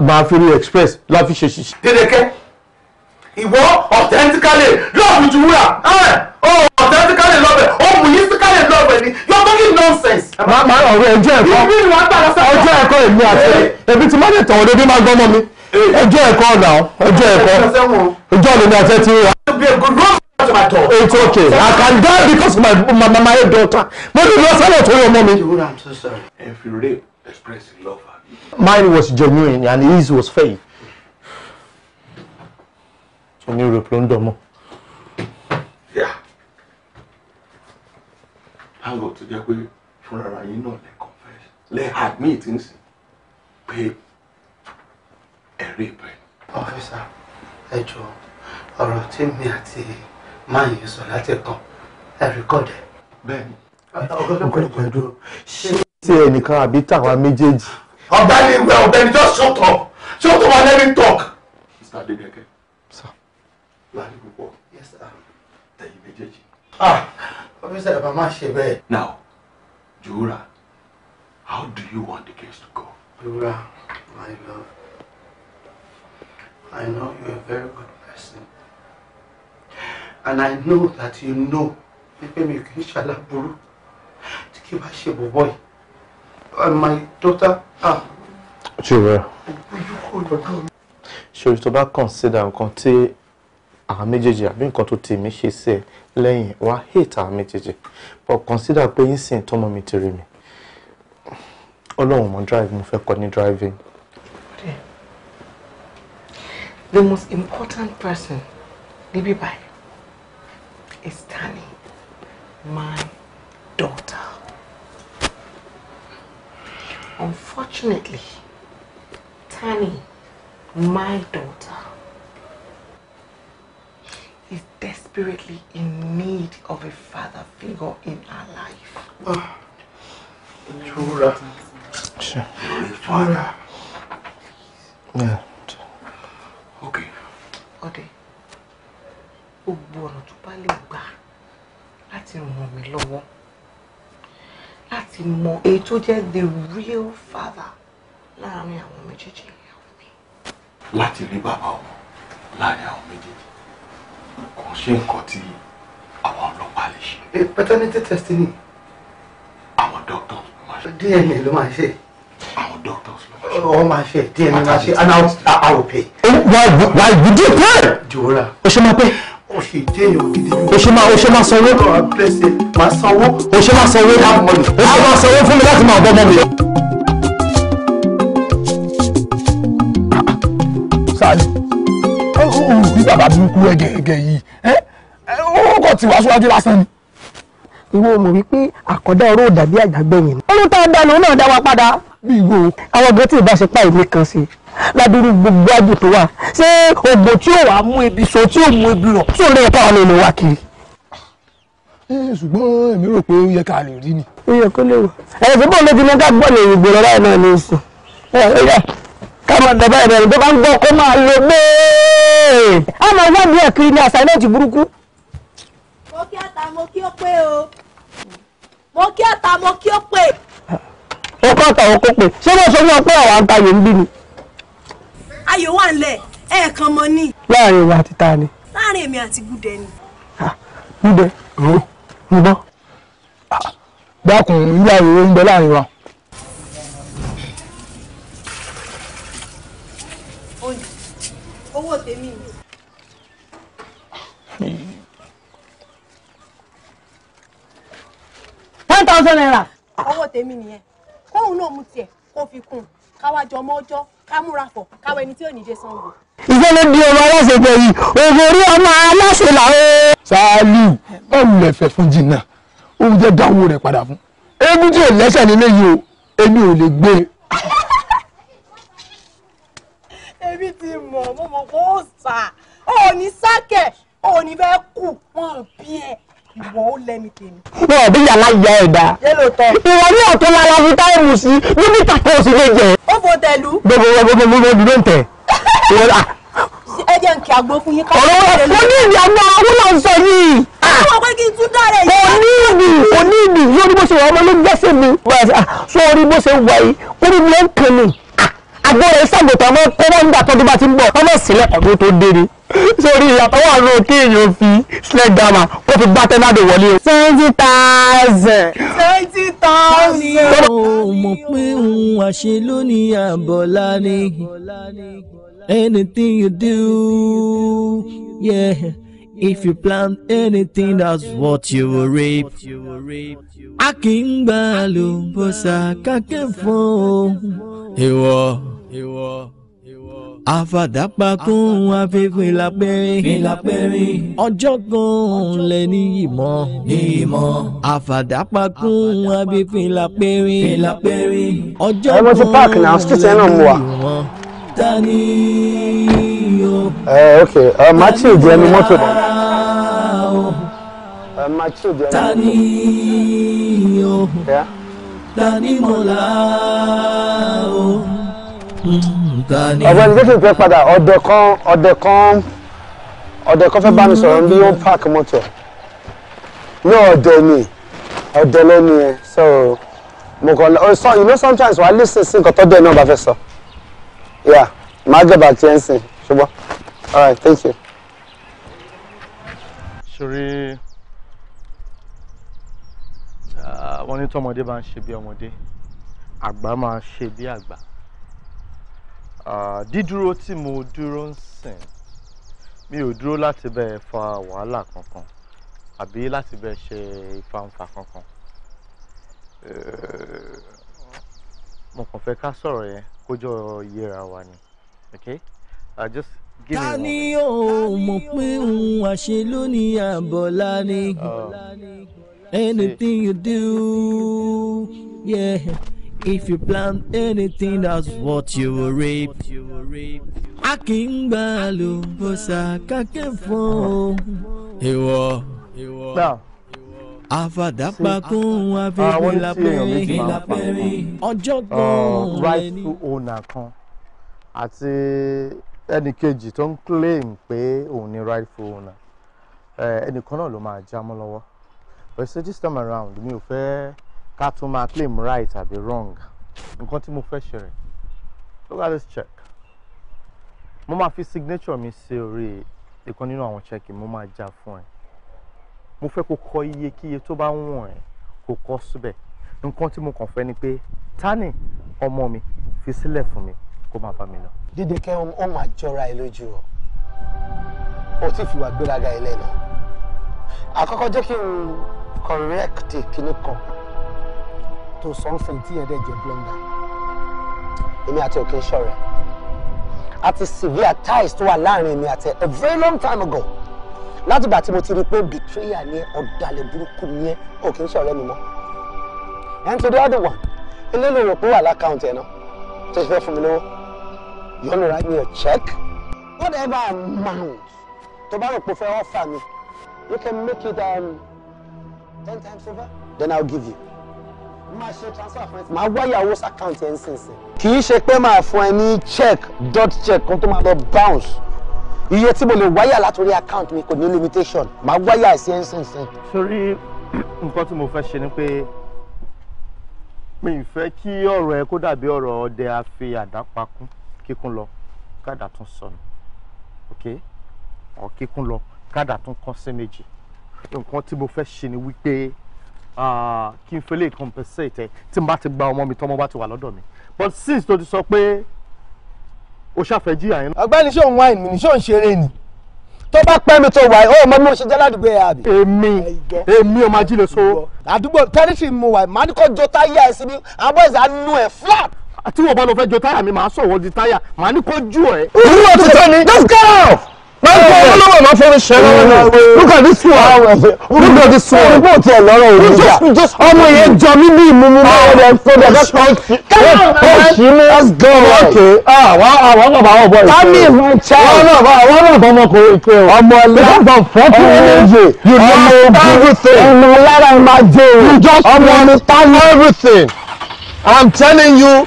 màá fi rí express láfi ṣe ṣiṣẹ́. dédékẹ́ ìwọ authentically lọ́ọ̀bù ju wúrà ọ authentically lọ́ọ̀bẹ̀ ọ mùyísíkàlì lọ́ọ̀bẹ̀ ni you are talking nonsense. màá ọ̀rẹ́ ẹjọ́ ẹ̀kọ́ ẹjọ́ ẹ̀kọ́ èmi àti ẹbí tí má lè tàn ọ́ débi má gbọ́mọ mi ẹjọ́ ẹ̀kọ́ ọ̀nà ọjọ́ ẹ̀kọ́ ọjọ́ ọ̀nà àti ẹtì rà. It's okay. I can die because my my, my daughter. Mo ní lọ sálọ̀ torí ọmọ mi. If you rape expressing love. Mine was genuine and his was fake. So mi rò pé ó ń dán mọ́. Yeah. Thank God tó jẹ́ pé fúnra yín náà lè confess. Lè admit ń sìn pé ẹ̀rí ìbẹ̀. Ọ̀fíìsà, ẹ jọ ọ̀rọ̀ tí mi àti máa yín sọ láti kàn ẹ rìkọ́dẹ̀. Bẹ́ẹ̀ni. Ọ̀pọ̀lọpọ̀ ẹ̀dùn ṣé tí ẹnìkan àbí tàwa méjèèjì. ọ̀gbẹ́ni ìwé ọ̀gbẹ́ni just shut up shut up and let me talk. mr adedeke sir láàrin púpọ̀ yes sir tẹ̀yìn méjèèjì. ah ọfíìsì ẹ̀ bá má ṣe bẹ́ẹ̀. now jura how do you want the case to go. jura my love i know you are a very good person and i know that you know pípé mi kì í ṣàlàbúrú tí kì í bá ṣe bọ̀bọ̀ yìí uh, my daughter. Ah. Sure. Jùwẹ̀. Ṣòrí tó bá consider nǹkan tí àwọn méjèèjì àbí nǹkan tó tèmi ṣe sí ẹ lẹ́yìn wá hate àwọn méjèèjì but consider pé yín sìn tọmọ mi tèrè mi. Ọlọ́run mo drive mo fẹ́ kọ́ ní driving. The most important person níbí báyìí is Tani, my daughter. Unfortunately, Tani, my daughter, is desperately in need of a father figure in her life. Chura. Chura. Yeah. Okay. Ọdẹ, gbogbo ọ̀nà tó bá lè gbà láti ràn mí lọ́wọ́ láti mọ èyí tó jẹ́ the real father láàárín àwọn méjèèjì ìyàwó mi. láti rí bàbá ọmọ láàárín àwọn méjèèjì kò ṣe nǹkan tí àwọn ọlọ́pàá lè ṣe. paternity test ni. àwọn doctors ló máa ṣe. DNA ló máa ṣe. àwọn doctors ló máa ṣe. ọ máa ṣe DNA máa ṣe and I will pay. why would you pay. jòwúra. o ṣe máa pay o ṣe jẹyàn gidi ju. o ṣe máa o ṣe máa sanwó. máa sanwó. o ṣe máa sanwó. o ṣe máa sanwó fún mi láti máa bọ́ ọmọ mi. sáàdì ó bí bàbá burúkú ẹgẹ yìí ó tí wàá síwájú lásán ni. ìwọ mọ̀ wípé àkọ́dá ọ̀rọ̀ dàbí àjàgbẹ̀yìn. olùtọ́ ọ̀dà lòun náà dá wa padà. bí ìwọ. àwọn gan ìbáṣepọ̀ ìmí kan sí i ládùúrú gbogbo àjò tó wà ṣé ògbò tí ò wá mú ebi sọ tí ò mú ebi rọ tí ò lè pa àwọn ènìyàn wá kiri. ṣùgbọ́n èmi rò pé ó yẹ ká lè rí ni. iye kó lè wọ ẹ̀rọ tó bọ̀ ló ti mọ ká gbọ́ lè rìgbò lọ́la ẹ̀ náà ní sùn ká máa dàbá ẹ̀rọ ẹ̀rọ tó bá ń gbọ́ kó máa lo gbẹ́ẹ́. a máa wádìí ẹ̀ kiri ní àsáyẹ́ǹtì burúkú. mo kí ọ̀tá mo kí ó pé o mo kí ọ̀tá mo kí ó pé. ṣé mo sọ fún ọ pé àwọn àǹtá yìí ń bí ni ayò wà ń lẹ̀ ẹ̀ẹ̀kan mọ ni. láàrin ìwà àti ta ni. láàrin èmi àti gúdẹ ni. gúdẹ ìbọn dákun ilé àwòrán oúnjẹ láàrin wa. owó tèmi ni. ten thousand naira. owó tèmi nìyẹn kóun náà mú tiẹ̀ kó fi kún un káwájọ mọ́jọ́ ká múra pọ̀ káwọ ẹni tí ò ní jẹ sanwó. ìṣẹ́lẹ̀ di ọmọ aláṣepọ̀ yìí òògùn orí ọmọ aláṣẹ là ó. sáálù ọ̀lẹ̀ fẹ́ fún jìnnà oúnjẹ dánwò rẹ̀ padà fún. eégún tí ò lẹ́sẹ̀ nílé yìí o èmi ò lè gbé. èmi ti mọ̀ mo mọ̀ kó sà ó ní sákẹ̀ ó ní fẹ́ kù wọ́n bí ẹ̀ ìwọ ó lẹ́mi tèmi. wọn ò bí yàrá ìyá ẹ̀ dá. yẹ́lò tọ́. ìwọ ní ọ̀tún lára fi táìmù sí níbi tàkà oṣù méje. ó fò tẹ̀lú. gbogbo gbogbo gbogbo dúró ń tẹ̀. ẹ jẹ́ nkì àgbo fún yín ká. ọ̀rọ̀ mo ní ìdí àgbo àwọn náà ń sọ yìí. àwọn pé kí n tún dára yìí. mo ní ìdí mo ní ìdí yóò ní bó ṣe wà ọmọ ló ń gbẹ́sẹ̀ mi. sórí bó ṣe wà yìí orí mi ló ń kàn mí. àgbo rẹ̀ ṣàgbọ̀tàn mọ́ kọ́mọ́ nígbà tó bá ti ń bọ̀ ọmọ sílẹ̀ ọ̀dọ́ tó dé ni sórí ìyàtọ̀ wà ní òkè èèyàn fi sledgama kó fi gbá tẹ́nádò wọlé o. twenty thousand. twenty thousand. ó mọ̀ pé òun àṣẹ lónìí àbọ̀lá ni anything you do yeah. if you plant anything that's what you will reap. a kì í gbà lóbọ̀sà kákẹ́ fún ìwọ àfàdàpà tó ń wá fífin lápẹ́rín. fi lápẹ́rín. ọjọ́ kan lẹ ní ìmọ̀. ní ìmọ̀. àfàdàpà tó ń wá fífin lápẹ́rín. fi lápẹ́rín. ọjọ́ kan lẹ ní ìmọ̀. ẹ wọ́n ti páàkì náà street ẹ̀ náà mú wa. tani o. ẹ ok ẹ tí ì jẹ ẹnu mọ́tò náà. ẹ má tí ì jẹ ẹnu mọ́tò náà. o ọ̀gbẹ́ni jésù fẹ́ padà ọdẹ kan ọdẹ kan ọdẹ kan fẹ́ bá mi sọ̀rọ̀ bí ó ń park mọ́tò ní ọdẹ ni ọdẹ lẹ́nu yẹn so mo kàn ọ sọ you know sometimes wàá lè sìn sí nǹkan tó dẹ̀ náà bá fẹ́ sọ yeah màá jẹ̀bà tí ẹ̀ ń sìn ṣùgbọ́n all right thank you. sori ah, wọ́n ní tọ́mọdé bá ń ṣe bí ọmọdé àgbà máa ṣe bí àgbà dídúró tí mo dúró ń sìn mi ò dúró láti bẹ́ẹ̀ fa wàhálà kankan àbí láti bẹ́ẹ̀ ṣe ìfàǹfà kankan mo kàn fẹ́ ká sọ̀rọ̀ yẹn kó yẹra wa ni okay i just ta ni ó mọ̀ pé òun àṣẹ lónìí àbọ̀lá ni ah. anything you do yeah. If you plant anything, that's what you will reap. Akíngba ló bọ́sà kákẹ́ fún ìwọ. Àfàdàpàkùn àfẹ́fẹ́lápẹ́rin ìlàpẹ́rin ọjọ́ uh, kan rẹ̀ ní. Right owner kan àti ẹnì kejì tó ń claim pé òun ni rightful owner ẹnìkan náà ló máa já mọ́ lọ́wọ́. But so this time around mi ò fẹ́ ká tún máa claim right àbí wrong nǹkan tí mo fẹ́ ṣe rẹ̀ look at this check mo máa fi signature mi sí orí ìkan nínú àwọn check mo máa já fún ẹ mo fẹ́ kó kọ iyekíye tó bá wọ̀n ẹ kó kọ síbẹ̀ nǹkan tí mo kàn fẹ́ ni pé tani ọmọ mi fi sílẹ̀ fún mi kó máa bá mi lọ. dídé kẹ́ ọ máa jọra ẹ lójú ọ ó ti fìwà gbéraga ẹ lẹ́nu àkọ́kọ́ jẹ́ kí n correct kinní tó sọ́nsìn tí yẹn dẹ̀ jẹ́ blọ́ndà. èmi àti òkè ṣọ̀rẹ́ àti severe ties to wà láàrin èmi àti a very long time ago láti gbà tí mo ti rí pé betrayal ni ọ̀dàlẹ̀ burúkú ni ẹ òkè ṣọ̀rẹ́ mi mọ́. and to the other one eléyìí rò pé wà lákàùntì ẹ̀ náà tó ṣe fẹ́ fún mi lówó you to write me a check whatever amount tó bá rò pé fẹ́ offer mi you can make it um, ten times over then I'll give you máa ṣe transfer fún ẹ máa wá ìyàwó account ẹ ń sìn sìn. kì í ṣe pé máa fún ẹ ní check dot check kan tó máa lọ bounce iye tí mo lè wáyà látòrí account mi kò ní limitation máa wáyà sí ẹ ń sìn sìn. sórí nǹkan tí mo fẹ́ ṣe ni pé mi ì fẹ́ kí ọ̀rọ̀ ẹ kó dàbí ọ̀rọ̀ ọdẹ àfi àdápakún kíkún lọ kádà tún sọnù ok ọ̀ kíkún lọ kádà tún kán sí méjì nǹkan tí mo fẹ́ ṣe ni wípé. Ah, kí n fi lè compensate ẹ tí n bá ti gba ọmọ mi tọ́mọ bá ti wà lọ́dọ̀ mi but since tó ti sọ pé o ṣàfẹ́ jíyà yẹn. ọ̀gbẹ́ni ṣé òun wáìnì mi ni ṣé òun ṣeré ni tó bá pẹ́ mi tó wà ó mọ bí mo ṣe jẹ́ ládùúgbò yẹn àbí. èmi èmi ọmọ ajílẹ̀ so. àdúgbò tẹ́rìtì mu wà màá ní kó jọ táyà ẹ̀ síbi àwọn bọ́ọ̀sì á nu ẹ̀ flat. tí wọ́n bá lọ fẹ́ jọ táyà mi màá sọ̀wọ́ di táyà màá ní kó jù ẹ̀. òwúrọ̀ tuntun ni let's go wọ́n fọ olówó máa fọwọ́ ṣẹ́ lọ́wọ́ náà look at this one look at this one ọmọ tí ẹ lọ́rọ̀ òní ìjà ọmọ yẹn jọ mí bí ìmúmú náà ọ̀rẹ́ fẹ́rẹ́ ṣọ́ọ̀kì ṣọ́ọ̀kì let's go okay àwọn àwọn náà bá wọ̀ bọ̀ ìpè tami my child wọn náà bá wọn náà bá ọmọ kò ìpè o ọmọ ẹlẹ́yà ọmọ fọ́tún ẹlẹ́yẹ you know everything ọmọ lára ẹ máa jẹ o ọmọ ní tani everything i'm telling you.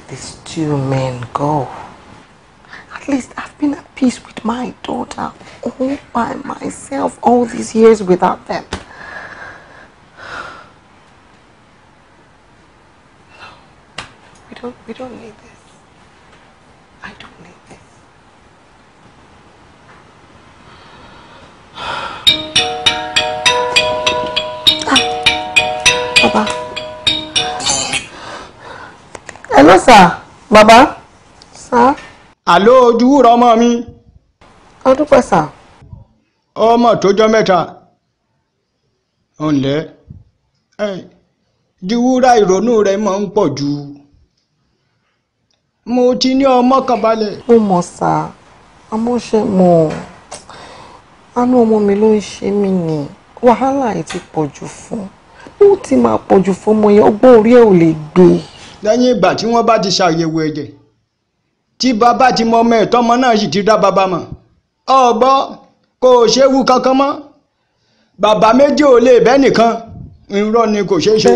let these two men go. At least I've been at peace with my daughter all by myself all these years without them. we don't, we don't need this. I don't need this. Ah, Baba. hello sir bàbá sir. àló ojú wúrọ ọmọ mi. ọdún pẹ́ sà. ọmọ tójọ́ mẹ́ta ọ̀nlẹ́ diwúrà ìrònú rẹ̀ máa ń pọ̀ jù mo ti ní ọmọ kan balẹ̀. mo mọ̀ sá àmọ́ ṣe mọ̀ àánú ọmọ mi ló ń ṣe mí ni wàhálà ẹ̀ ti pọ̀ jù fún ó ti máa pọ̀ fún ọmọ yẹn ọgbọ́n orí ẹ̀ ò lè gbé lẹ́yìn ìgbà tí wọ́n bá ti ṣàyẹ̀wò ẹ̀jẹ̀ tí bàbá ti mọ ọmọ ẹ̀ tọ́mọ náà sì ti dá bàbá mọ̀ ọ̀gbọ́ kò ṣéwu kankan mọ́ bàbá méjì ò lè bẹ́ nìkan irọ́ ni kò ṣeé ṣe.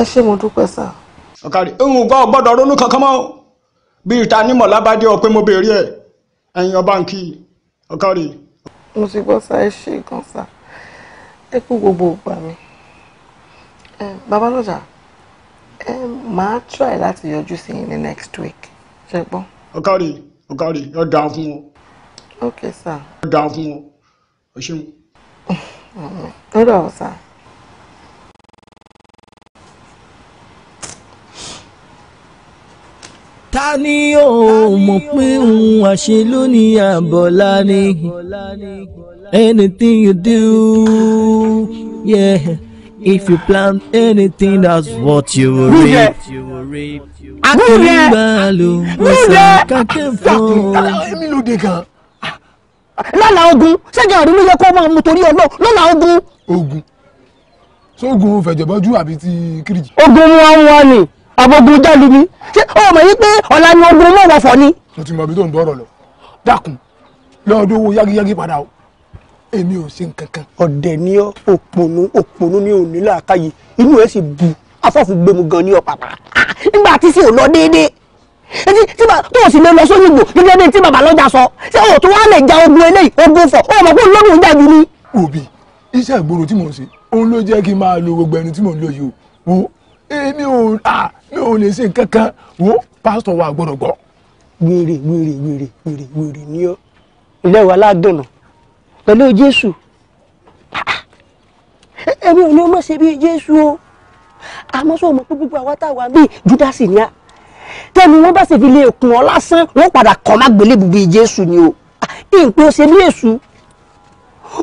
ẹ ṣé mo dúpẹ́ sá. ọ̀kàrí òun gbọ́ gbọ́dọ̀ ronú kankan mọ́ bí ìta nímọ̀ lábàdé ọ pé mo béèrè ẹ̀ ẹ̀yin ọba ń kí mo ti gbọ́ sá ẹ ṣé gan sá ẹ kú gbogbo ògbà mi babalọ́jà ẹ máa try láti yọjú sí in the next week ṣe gbọ́. ọ̀kadì ọ̀kadì yóò dáa fún ọ. ok sir. yóò dáa fún ọ ọ ṣeun. ó dọ̀ ọ́ sir. ta ni ó mọ̀ pé òun àṣe lónìí àbọ̀lá ni anything you do yeah. If you plant anything, that's what you will reap. Akérègbà ló ń pèsè kákẹ́ fún. Èmi ló dé gan. Lọ́la ogun, ṣẹ́gi àrí ló yẹ kó máa mú torí ọlọ́. Lọ́la ogun. Ogun. Sógun fẹ̀jẹ̀bọ́jú àbí ti kírìjì. Ogun mú àwọn wọn ni, àbọ̀gun jálu mi. Ṣé o mọ̀ yí pé ọ̀la ni ogun mọ̀ wọ̀fọ̀ ni? Mo ti mọ̀ bí tó ń bọ̀rọ̀ lọ. Dákun, lọ́ọ́dún owó yágíyágí padà o èmi ò sí nkankan. ọ̀dẹ̀ ni ọ́ òpònú òpònú ni ò ní làákàyè inú ẹ̀ sì bu afọ́fù gbẹmu gan ní ọ pàpà. Ah, nígbà tí sì ò lọ déédéé etí tí bá tó o sì lè lọ sóyìnbó gẹ́gẹ́ bíi tí bàbá lọ́jà sọ ṣé o tó wá lè ja ogun eléyìí ogun fọ o mọ̀ pé ológun jà jù ni. òbí iṣẹ́ ìgboro tí mò ń ṣe òun ló jẹ́ kí n máa lo gbogbo ẹni tí mò ń lò yìí o wo èmi ò à mi ò lè ṣe kankan wo pásítọ̀ wa gbọ́dọ̀ gbọ́. wèrè wèrè wèrè wèrè ni ọ ilé wa ládùn náà pẹ̀lú jésù èmi ò ní o má ṣe bí jésù o àmọ́ sọ mọ̀ pé gbogbo àwa táwa bíi júdásì ni a tẹ́nu wọn bá ṣe fi lè kun ọ lásán wọ́n padà kọ́ má gbélé bùbí jésù ni o nǹkan ṣe bí èṣù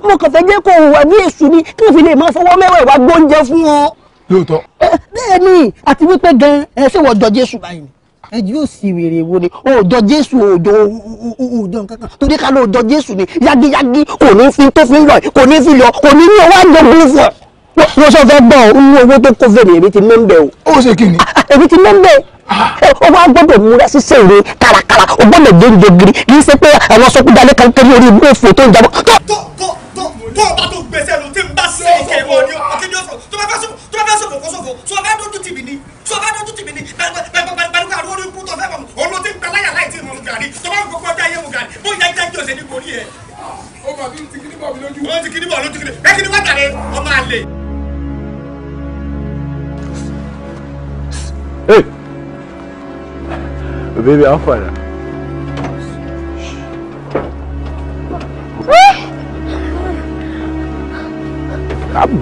mo kàn fẹ́ jẹ́ kó o wà bí èṣù ni kí n fi lè máa fọwọ́ mẹ́wàá wá gbóúnjẹ fún ọ. lóòótọ́. bẹ́ẹ̀ ni àti wípé gan-an ẹ ṣé wọ́n jọ jésù báyìí ẹjì yóò sì wèrè wo ni òòjọ jésù òòjọ òòjọ nǹkan kan torí ká ló òòjọ jésù ni yágíyágí kò ní fi tó fi ń lọ kò ní fi lọ kò ní ní owó àjọpọ̀ fún ọ. wọ́n sọ fẹ́ gbọ́ ọ nínú owó tó kó fèrè èmi ti mẹ́ńbẹ́ o. ó ṣe kí ni. Ah, ah, èmi ti mẹ́ńbẹ́ o wá gbọ́dọ̀ múra ṣiṣẹ́ ìwé kárakára o gbọ́dọ̀ gé ń jogiri kì í ṣe pé àwọn sọkúdalẹ̀ kan kéré orí ibú òfò tó ń jabọ́. baby, how far? I'm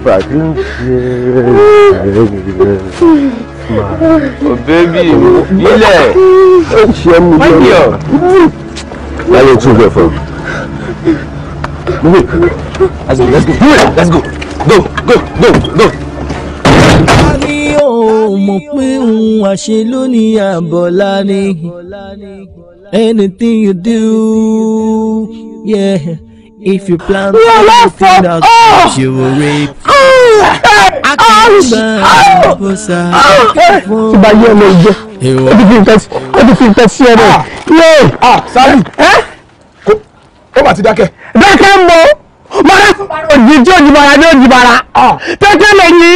back. Oh, baby, Ile. Don't share me. My dear. Where are you two here from? Move Let's go. Let's go. Let's go. Go, go, go, go. ṣe lónìí àbọ̀lá ni anything you do yeah if you plan to do that, out you will reap. Tí bá yẹ ọmọ ìjẹ́, ó ti fi nǹkan sí ó ti fi nǹkan sí ẹ̀rọ. Sáré, ó mà ti dákẹ́. Dákẹ́ ń bọ̀, màá fún bàrà òjì tí òjì bàrà ní òjì bàrà. Tẹ́tẹ́ ah! lè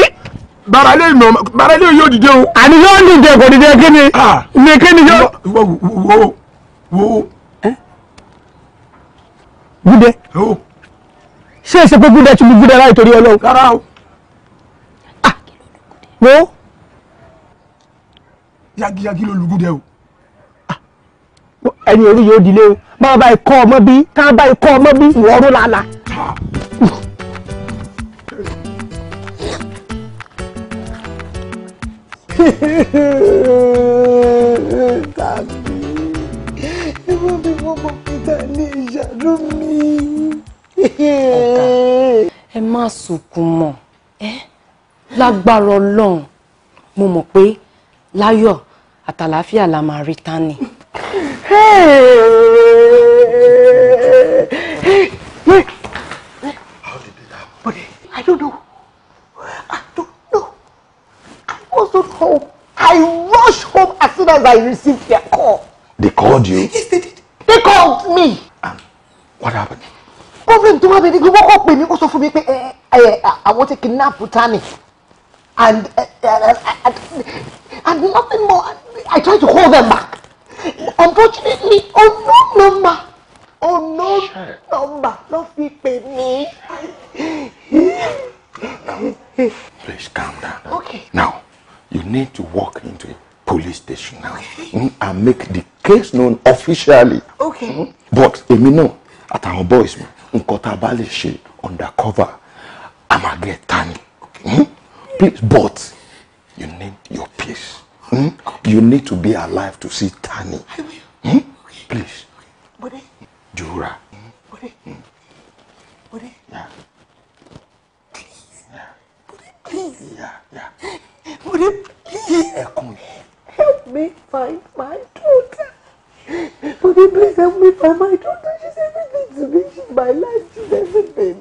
barale nọ barale yóò dìde o. àní yóò dìde kò dìde kíni. ní kíni yóò. wo wo wo. Gude. ṣé èsì pé gude ti bu gúdẹ láì torí Ọlọ́run. rárá o. wo. yagi ló lu gúdẹ o ẹni orí yóò dilé o bá a bá ikọ́ ọmọ bí tá a bá ikọ́ ọmọ bí ìwọ́rún lálá. tàbí níbo bí wọ́n mọ̀ pé ta ní ìṣàánú mi. ẹ má sunkún mọ́ ẹ lágbára Ọlọ́run mo mọ̀ pé láyọ̀ àtàlàáfíà la máa rí How did it happen? I don't know. wasn't home. I rushed home as soon as I received their call. They called you? Yes, they did. They called me. And what happened? Problem to wá bẹ̀rẹ̀ gbogbo kọ́ pè mí kó sọ fún eh, eh, eh, I pé to ẹ àwọn kidnap Tani and uh, uh, and, and nothing more I tried to hold them back unfortunately unknown number unknown number ló fi pè mí. Please calm down. Okay. Now you need to walk into a police station now okay. mm, and make the case known officially. okay. Mm, but èmi at our boys mi nǹkan tá a bá lè ṣe undercover amagẹ tani mm? please but you need your peace mm? you need to be alive to see tani mm? please jura. Mm? Yeah. Please. Yeah, yeah. mo ní bí ẹkún yìí. help me find my daughter. mo ní please help me find my daughter she's everything to me she's my life she's everything.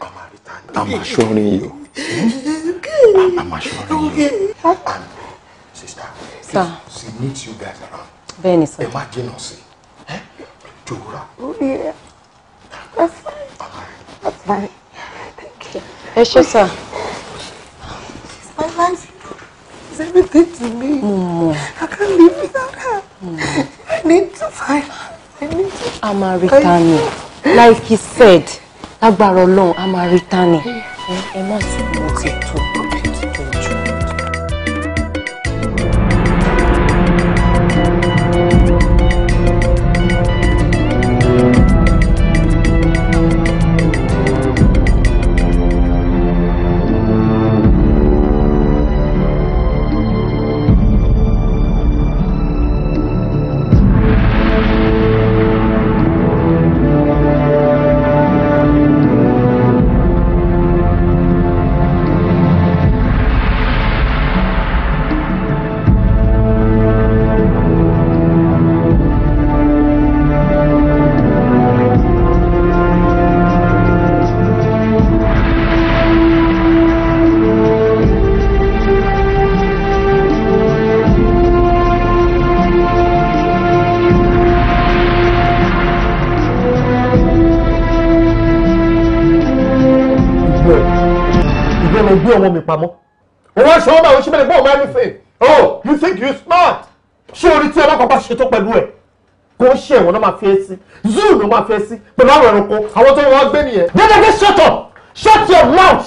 àmà àríta àmà sọrin yìí o àmà sọrin yìí o and sister please she needs you guys around. bẹ́ẹ̀ni sọ. ẹ má jìnnà Oh yeah. that's fine. that's fine. thank you. ẹ ṣe sá. My life is everything to me. Mm. I can't live without her. Mm. I need to find her. I need to. A returning. Like he said, that barrel long. I'm rí ta ni. Ẹ má sì mú ti tó. iṣẹ́ ìwọ̀n máa fi é zoo ló máa fi é sí àwọn ẹranko àwọn tó wọ́n gbé nìyẹn. dédédé shut up shut your mouth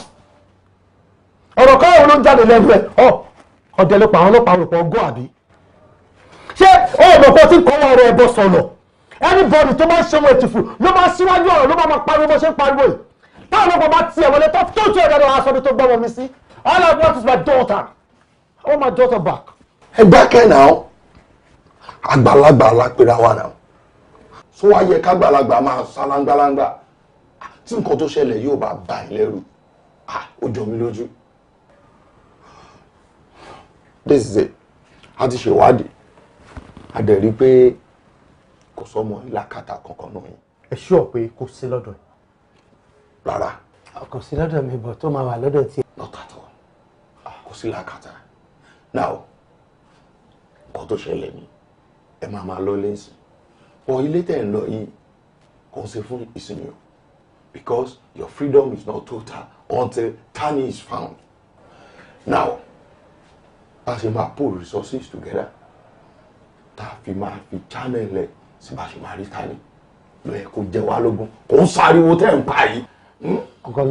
ọ̀rọ̀ kan òun ló ń jáde lẹ́nu ẹ̀ ọ̀ ọ̀dẹ̀ ló pa àwọn ọlọ́pàá rò ọgọ́ àbí. ṣé ọ̀rọ̀ kan ti ń kọ́ ọ̀rọ̀ ẹ̀bọ sọ̀rọ̀ anybody tó máa ń ṣe ohun ètùfù ló máa síwájú ọ̀rọ̀ ló máa pariwo bó ṣe ń pariwo yìí táwọn ọlọ́pàá bá tiẹ̀ wọlé tó tó tó ẹ̀dá lọ́wọ́ aṣọ mi tó gbọ́ wọn mi sí all I want is my daughter I want my daughter back. ẹ kẹ́ náà àgbàlagbà alápèrè àwa náà sọ wá yẹ kágbàlagbà máa ṣalangbalangba tí nǹkan tó ṣẹlẹ̀ yóò bá bà ẹ́ lẹ́rù ó jọ mí lójú. this is it a ti ṣèwádìí a dẹ̀ rí i pé kò sọmọ ìlàkàtà kankan náà yìí. ẹ ṣọ́ pé kò sí lọ́dọ̀ ẹ̀. rárá. kò sí lọ́dọ̀ mi bọ̀ tó máa wà lọ́dọ̀ tí. not at all kò sí làkàtà now nǹkan tó ṣẹlẹ̀ ni ẹ máa máa lọ lẹ́sìn but ilé tẹ̀ ń lọ yìí kò ń ṣe because your freedom is not total until tani is found now as a ṣe máa pull resources together tá a fi máa fi channel ẹ̀ sí bá a ṣe máa rí tani ló yẹ kó jẹ wá lógún kò ń sáriwo tẹ́ ń pa yìí. Hmm? ọ̀gá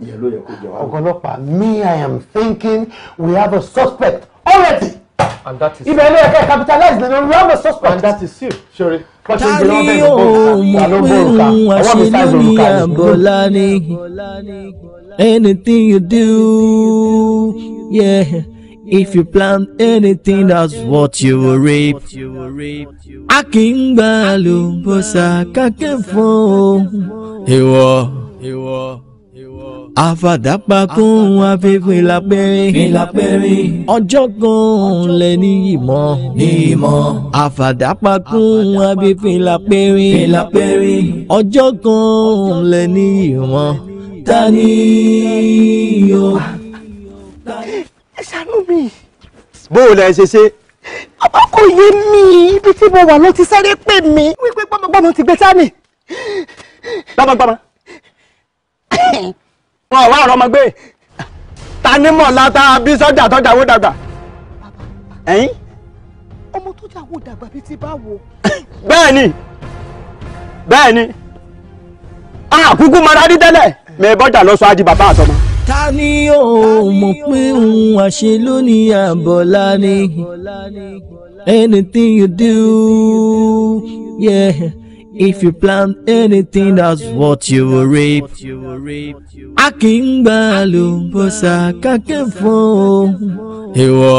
ìyẹn ló yẹ kó jẹ wá lógún. me I am thinking we have a suspect already and that is ibẹ̀ ilé ẹ̀ka capitalize the realm of suspect. and that is it ṣeré. tani yóò mọ̀ pé òun àṣeyọrí àbọ̀lá ni anything you do yeah. If you plan anything, that's what you will reap. A kì í gbà lóbọ̀sà ìwọ àfàdàpà kún afẹ́fẹ́ lápẹ́rẹ́. ní lápẹ́rẹ́. ọjọ́ kan lẹ ní ìmọ̀. ní ìmọ̀. àfàdàpà kún afẹ́fẹ́ lápẹ́rẹ́. ní lápẹ́rẹ́. ọjọ́ kan lẹ ní ìmọ̀. ta ni ẹ ṣàánú mi. bó o lẹ ṣe ṣe. ọba kò yé mi ibi tí mo wà ló ti sáré pè mí wípé gbọmọgbọmọ ti gbé tani. gbọmọgbọmọ. wọn ò wá ọ̀rọ̀ ọmọ gbé ta ni mọ̀lá tá bí sọ́jà tọ́jà wó dàgbà ẹ̀yìn. ọmọ tọ́jà wó dàgbà bíi ti báwo. bẹ́ẹ̀ ni bẹ́ẹ̀ ni àkúkú mara rí tẹ́lẹ̀ mẹ bọ́jà lọ sọ adi bàbá àtọmọ. ta ni ó mọ̀ pé òun àṣẹ lónìí àbọ̀lá ni anything you do yeah. If you plant anything, that's what you will reap. A kì í gbà lùbọ́sà kákẹ́ fún ìwọ.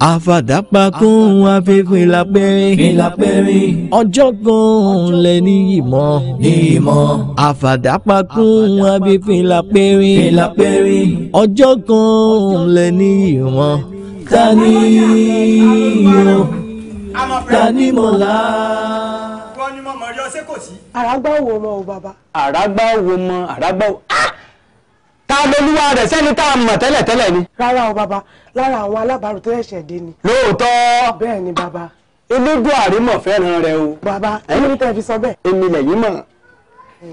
Àfàdàpakùn afẹ́fẹ́ lápẹ́rín. Fìlápẹ́rín. Ọjọ́ kan lẹ ní ìmọ̀. Ní ìmọ̀. Àfàdàpakùn afẹ́fẹ́ lápẹ́rín. Fìlápẹ́rín. Ọjọ́ kan lẹ ní ìmọ̀. Ta ni yóò. Tanímọ̀lá. Wọ́n ní mo mọ̀ rí ọsẹ́ kò sí. Àràgbá wo mọ o bàbá? Àràgbá wo mọ àràgbá wo? Ah! Ta lolúwa rẹ̀ sẹ́ni tá a mọ̀ tẹ́lẹ̀tẹ́lẹ̀ ni. Rárá o bàbá, lára àwọn alábàárù tó ẹ̀ṣẹ̀ dé ni. Lóòótọ́. Bẹ́ẹ̀ ni bàbá. Elédùn àrímọ̀ fẹ́ràn rẹ o. Bàbá, ẹni ní fi sọ bẹ́ẹ̀. Èmi lẹ̀yìn mọ̀.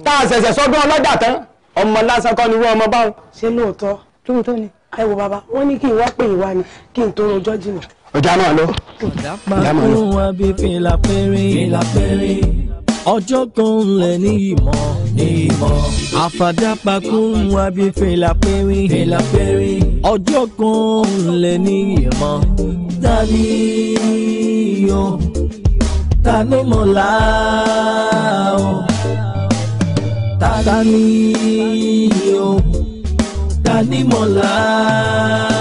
Tá a ṣẹ̀ṣẹ̀ sọ́dún ọlọ́jà tán, ọmọ lásán kọ́ ni irú ọmọ báwọn. Ṣé lóòótọ́? Lóòótọ́ ni. Ẹ wo bàbá, wọ́n ní kí n wá pè yín ni kí n tó rojọ́ jìnnà ọjà máa lọ. ọjà máa lọ. máa bí fìlà péré fìlà péré ọjọ́ kan lẹ̀ ní ìmọ̀ ní ìmọ̀ àfàdàpàkùn wa bí fìlà péré fìlà péré ọjọ́ kan lẹ̀ ní ìmọ̀ tani o ta ló mọ̀ láà o ta ni o ta ni mọ̀ láà.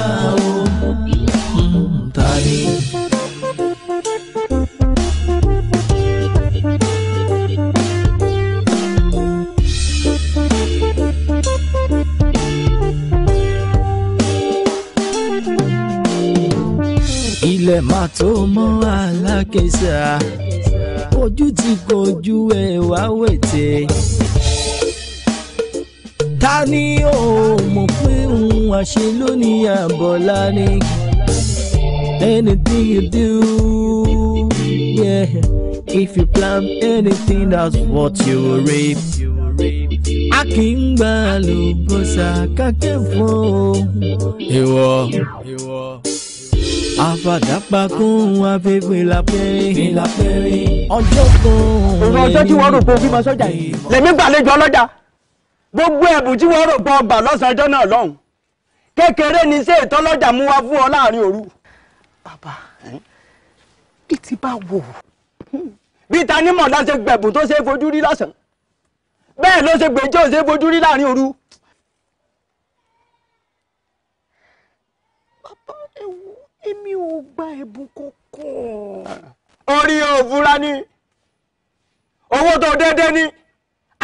ilẹ̀ máa tó mọ́ alákẹ́sà ojú ti kojú ẹ̀ wá wẹ̀tẹ̀. ta ni ó mọ̀ pé òun àṣẹ lónìí àbọ̀lá ni anything you do. Yeah, if you plan anything, that's what you will reap. Akíngbalùbọ́sà kákẹ́ fún ìwọ àfàdàpàkùn àfẹ́fẹ́ lápẹ́rẹ́ lápẹ́rẹ́ ọjọ́ kan òun ọjọ́ tí wọ́n rò pé òfin mọ sọ́jà yìí lèmi gbàlejò ọlọ́jà gbogbo ẹ̀bùn tí wọ́n rò pé ọgbà lọ́sàn-án ọjọ́ náà lọ́hùn kékeré ni ṣé ìtọ́lọ́jà mú wá fún ọ láàrin òru. bàbá bí ti bá wò ó. bí ta ni mọ̀lá ṣe gbẹ̀bùn tó ṣe fojú rí lọ́sàn-án bẹ́ẹ̀ ló ṣe gbèjọ́ ṣe fojú rí láàrin òru. èmi ò gba ẹ̀bùn kankan. orí òwúra ni owó tó déédéé ni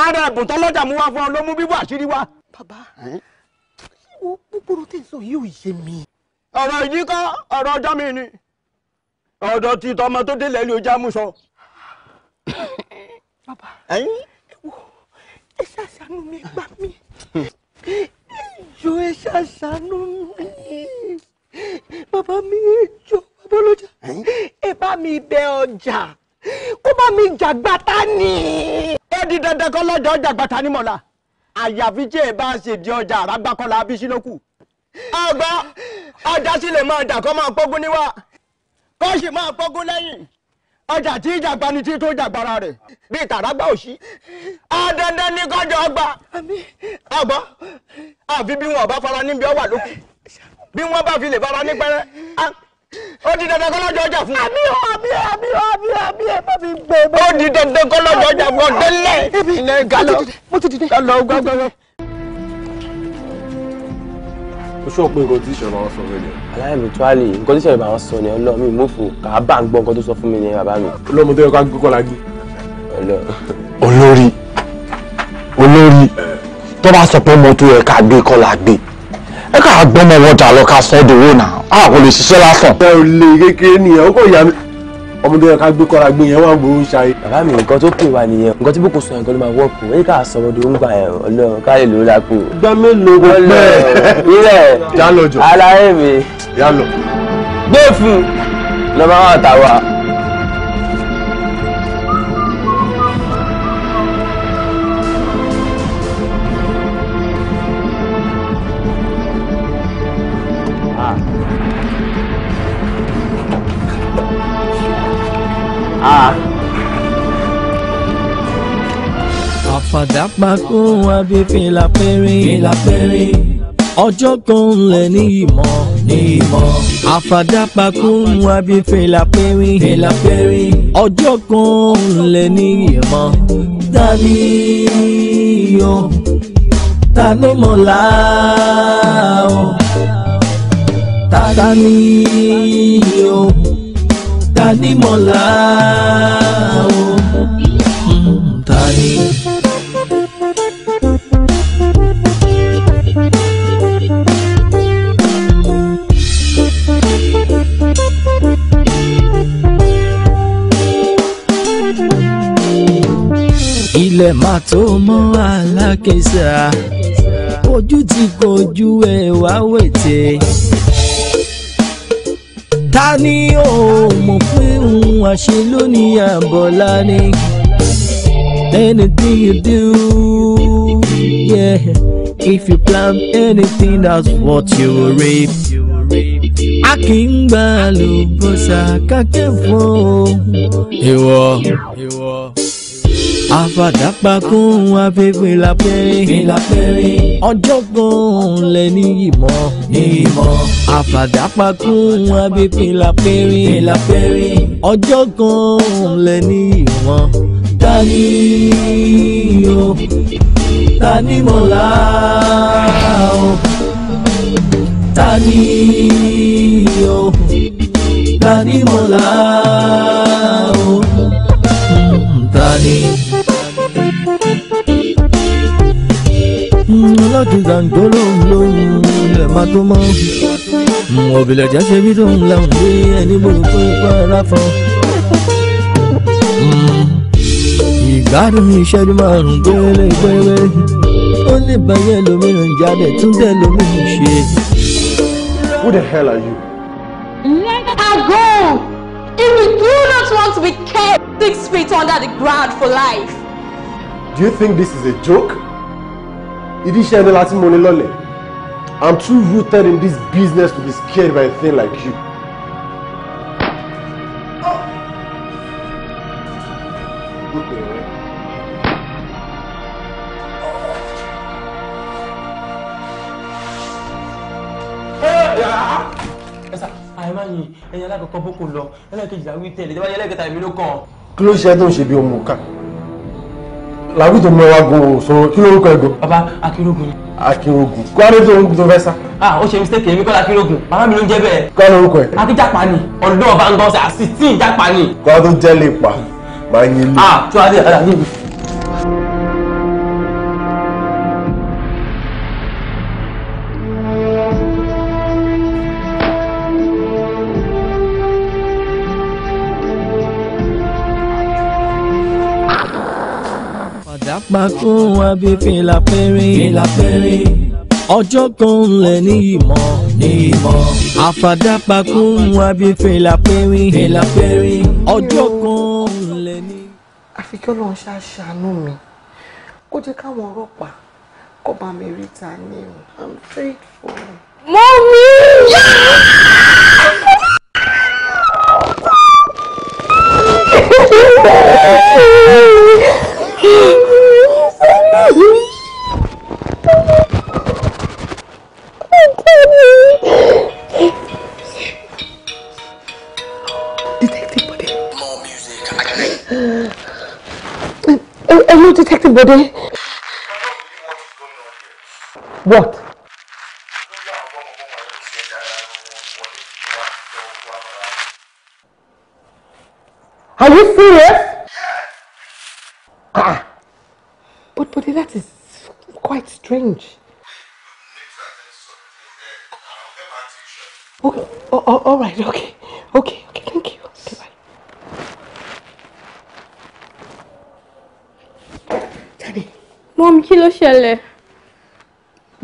ara ẹ̀bùn tó lọ́jà mú wá fún ọ ló mú bíbọ̀ àṣírí wa. bàbá wo gbogbo tí n sọ yìí ò yé mi. ọ̀rọ̀ yìí kọ́ ọ̀rọ̀ ọjọ́ mi ni ọ̀dọ̀ ti tọmọ tó délẹ̀ ló já mú sọ. bàbá ẹ wo ẹ mi gbà mí ẹ jọ̀ọ́ ẹ mi bàbá mi jọ bàbá ọlọ́jà ẹ bá mi bẹ ọjà kó bá mi jàgbàtà ni. ó di dandan kọ́ lọ́jà ọjà gbàtà ni mọ̀lá àyàfi tí ẹ bá ṣe di ọjà àràgbàkọ́lá abísínókù. àgbà ọjà sílẹ̀ máa dà kọ́ máa pọ́gún níwá kọ́ sì máa pọ́gún lẹ́yìn ọjà tí ìjàgbá ni tí tó jàgbára rẹ̀ bíi tàràgbà òsì àdandan ní kọjọ ọgbà àgbà àfi bí wọn ọba fara níbi ọwà lókè bí wọ́n bá fi lè bára ní pẹ́rẹ́ ó di dandan kọ́lọ́jọ́ ọjà fún wa. àmì ò àmì ò àmì ò àmì ò àmì ò má fi gbé e. ó di dandan kọ́lọ́jọ́ ọjà fún ọ délẹ̀ ilẹ̀ galọ galọ gbọgbọgbọ. ó ṣọ́ pé nǹkan tí ìṣẹ̀lẹ̀ wọn sọ fún mi. aláìlùtúwálì nǹkan tí ìṣẹ̀lẹ̀ bá wọn sọ ni ọlọ́run mi mú fún kà á bá ń gbọ́ nǹkan tó sọ fún mi ni bàbá mi. ọlọ́mọdé ọkọ agbẹ́kọ̀ la gbé. olórí olórí tó bá sọ pé mo tó yẹ ká gbé kọ́ la gbé ẹ ká gbọ́mọ wọjà lọ ká sọ dòwó náà a kò lè ṣiṣẹ́ lásán. ẹ ò lè kékeré nìyẹn ó kò yà mí ọmọdé yẹn ká gbé kọ́ra gbé yẹn wọ́n gbòó ṣayé. bàbá mi nǹkan tó pè wá nìyẹn nǹkan tí bò kò sọ yẹn kan ló máa wọ́ọ̀kù ẹ ká sọ̀rọ̀ dòwó ń gbà yẹn ọlọ́run ká lè lò ó gbẹ mélòó kò pẹ́ ilẹ̀ yálò mi yálò lọ́mọ àtàwọn. padà pakùn àbí fìlà péré. fìlà péré. ọjọ́ kan lẹ̀ ní ìmọ̀. ní ìmọ̀. àfàdà pakùn àbí fìlà péré. fìlà péré. ọjọ́ kan lẹ̀ ní ìmọ̀. ni yo ta ló mọ̀ láàó. dání yo ta ní mọ̀ láàó. dání. ilẹ̀ máa tó mọ́ alákẹ́sà ojú ti kojú ẹ wá wètè. ta ni ó mọ̀ pé òun àṣẹ lónìí àbọ̀lá ni anything you do yeah. if you plan anything that's what you will reap. a kì í gbà lóbọ̀sà kákẹ́ fún ọ. ìwọ àfàdàpàkùn afẹ́fẹ́ lápẹ́rẹ́. fẹ́ lápẹ́rẹ́. ọjọ́gbọ́n lẹ ní ìmọ̀. ní ìmọ̀. àfàdàpàkùn afẹ́fẹ́ lápẹ́rẹ́. fẹ́ lápẹ́rẹ́. ọjọ́gbọ́n lẹ ní ìmọ̀. tani o tani mọ̀lá o tani o tani mọ̀lá o tani. láti gàǹdó lóhùn lóhùn máa tó mọ́ òbílẹ̀ jẹ́ ṣe bí tó ń lẹ́hùn bí ẹni hmm. gbòòrò pé ó pẹ́ ráfọ́. ìgbádùn ìṣẹ́jú márùn-ún gbélé gbélé ó lè báyẹ̀ lómìnira jáde tún bẹ́ẹ̀ lómìnira ṣe. Who the hell are you? Let her go! If you do not want to be kept six feet under the ground for life. Do you think this is a joke? ìdí iṣẹ́ ẹni láti mọ̀ ní lọ́lẹ̀ I'm too rooted in this business to be scared by a thing like you. ẹ̀yin alákọ̀ọ́kọ́ boko lọ ẹlẹ́kejì àwọn ìtẹ̀lẹ̀ tí wọ́n yẹ lẹ́kẹta èmi ló kàn. kí ló ṣe tó ń ṣe bí ọmọ kan làbí tó mọ wa gan o sọ kí lórúkọ ẹ gan. baba Akínrógun. Akínrógun kó adé tó ń tó fẹ́ sá. a ó ṣe mistake èmi kọ́ l'Akínrógun bàbá mi ló ń jẹ́ bẹ́ẹ̀. kọ́ lórúkọ ẹ. akíjàpá ni ọ̀dọ́ ọba ń gbọ́ sí àsìtì ìjàpá ni. kọ́ tó jẹ́ lè pa máa yin lé. a tó adé àdá yìí. kún wá bí fìlà péré. fìlà péré. ọjọ́ kan lẹ̀ ní ìmọ̀. ní ìmọ̀. àfàdàpà kún wá bí fìlà péré. fìlà péré. ọjọ́ kan lẹ̀ ní. àfi kí ọlọ́run ṣáà ṣàánú mi kó jẹ́ káwọn ọlọ́pàá kó bá mi rí ta ni o i'm faithful. mọ́mí. Yeah! Hello, Detective Bode. What? Are you serious? Ah. But Bode, that is quite strange. Okay, oh, oh, all right, okay, okay. mọ́mí kí ló ṣẹlẹ̀.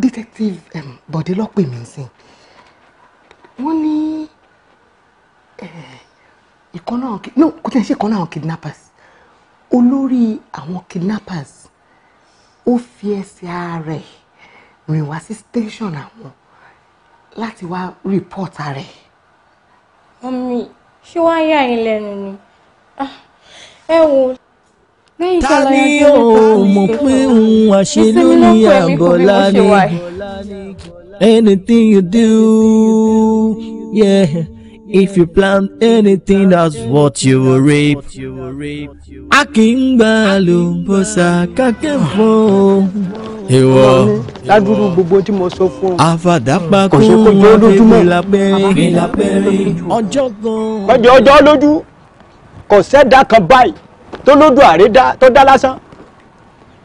detective um, bọ̀dé ló pè mí sí wọ́n ní eh, no kò tẹ̀ ṣe ìkan náà kidnappers olórí àwọn kidnappers ó fi ẹsẹ̀ ara ẹ̀ rìn wá sí station àwọn láti wá report ara ẹ̀. mọ́mí ṣé wàá yà yín lẹ́nu ni ah, ẹ wò ta ni o mọ̀ pé anything you do yeah. If you plan anything, that's what you will reap. Akíngba ló ń bọ́ sá kákẹ́ fún o. Ìwọ. Ládùúgbò gbogbo tí mo sọ fún ọ. Àfàdàpá kó wọ́n fi lápẹ́rẹ́. Ọjọ́ kan. Ọjọ́ ọjọ́ lójú. Kò sẹ́dá kan báyìí tó lójú àrídá tó dá lásán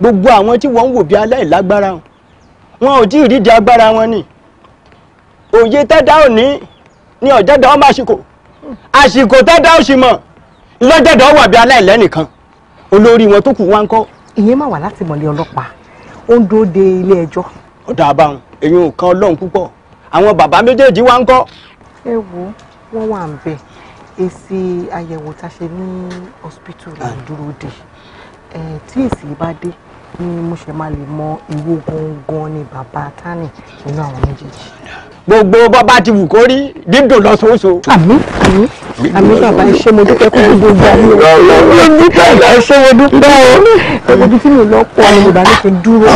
gbogbo àwọn tí wọ́n ń wò bí aláìlágbára wọn ò tí ì rídìí agbára wọn ni òye tẹ́dá òní ni ọ̀jẹ̀dá ọmọ àsìkò àsìkò tẹ́dá òsì mọ̀ lọ́jẹ̀dá wà bí aláìlẹ́nìkan olórí wọn tó kù wá ń kọ́. ìyẹn máa wà láti mọ̀lẹ́ ọlọ́pàá ó ń dúró de ilé ẹjọ́. ọ̀dà àbáhùn èyí ò kan ọlọ́run púpọ̀ àwọn bàbá méjèèjì wá ń kọ́. ẹ wo wọn wà ń bẹ èsì àyẹ̀wò tá a ṣe ní hospital ló dúró de tí èsì bá dé ni mo ṣe máa lè mọ ìwo gangan ni bàbá tani nínú àwọn méjèèjì. gbogbo bàbá ti wù kó rí dídùn lọ́sọ̀ọ́sọ. àmì àmì àmì bàbá ẹ ṣé mo dúpẹ́ kó gbogbo àmì o ẹ ṣé mo dúpẹ́ o ẹgbẹ́bí tí mi ò lọ́pọ̀ ni mo bá ní kí n dúró.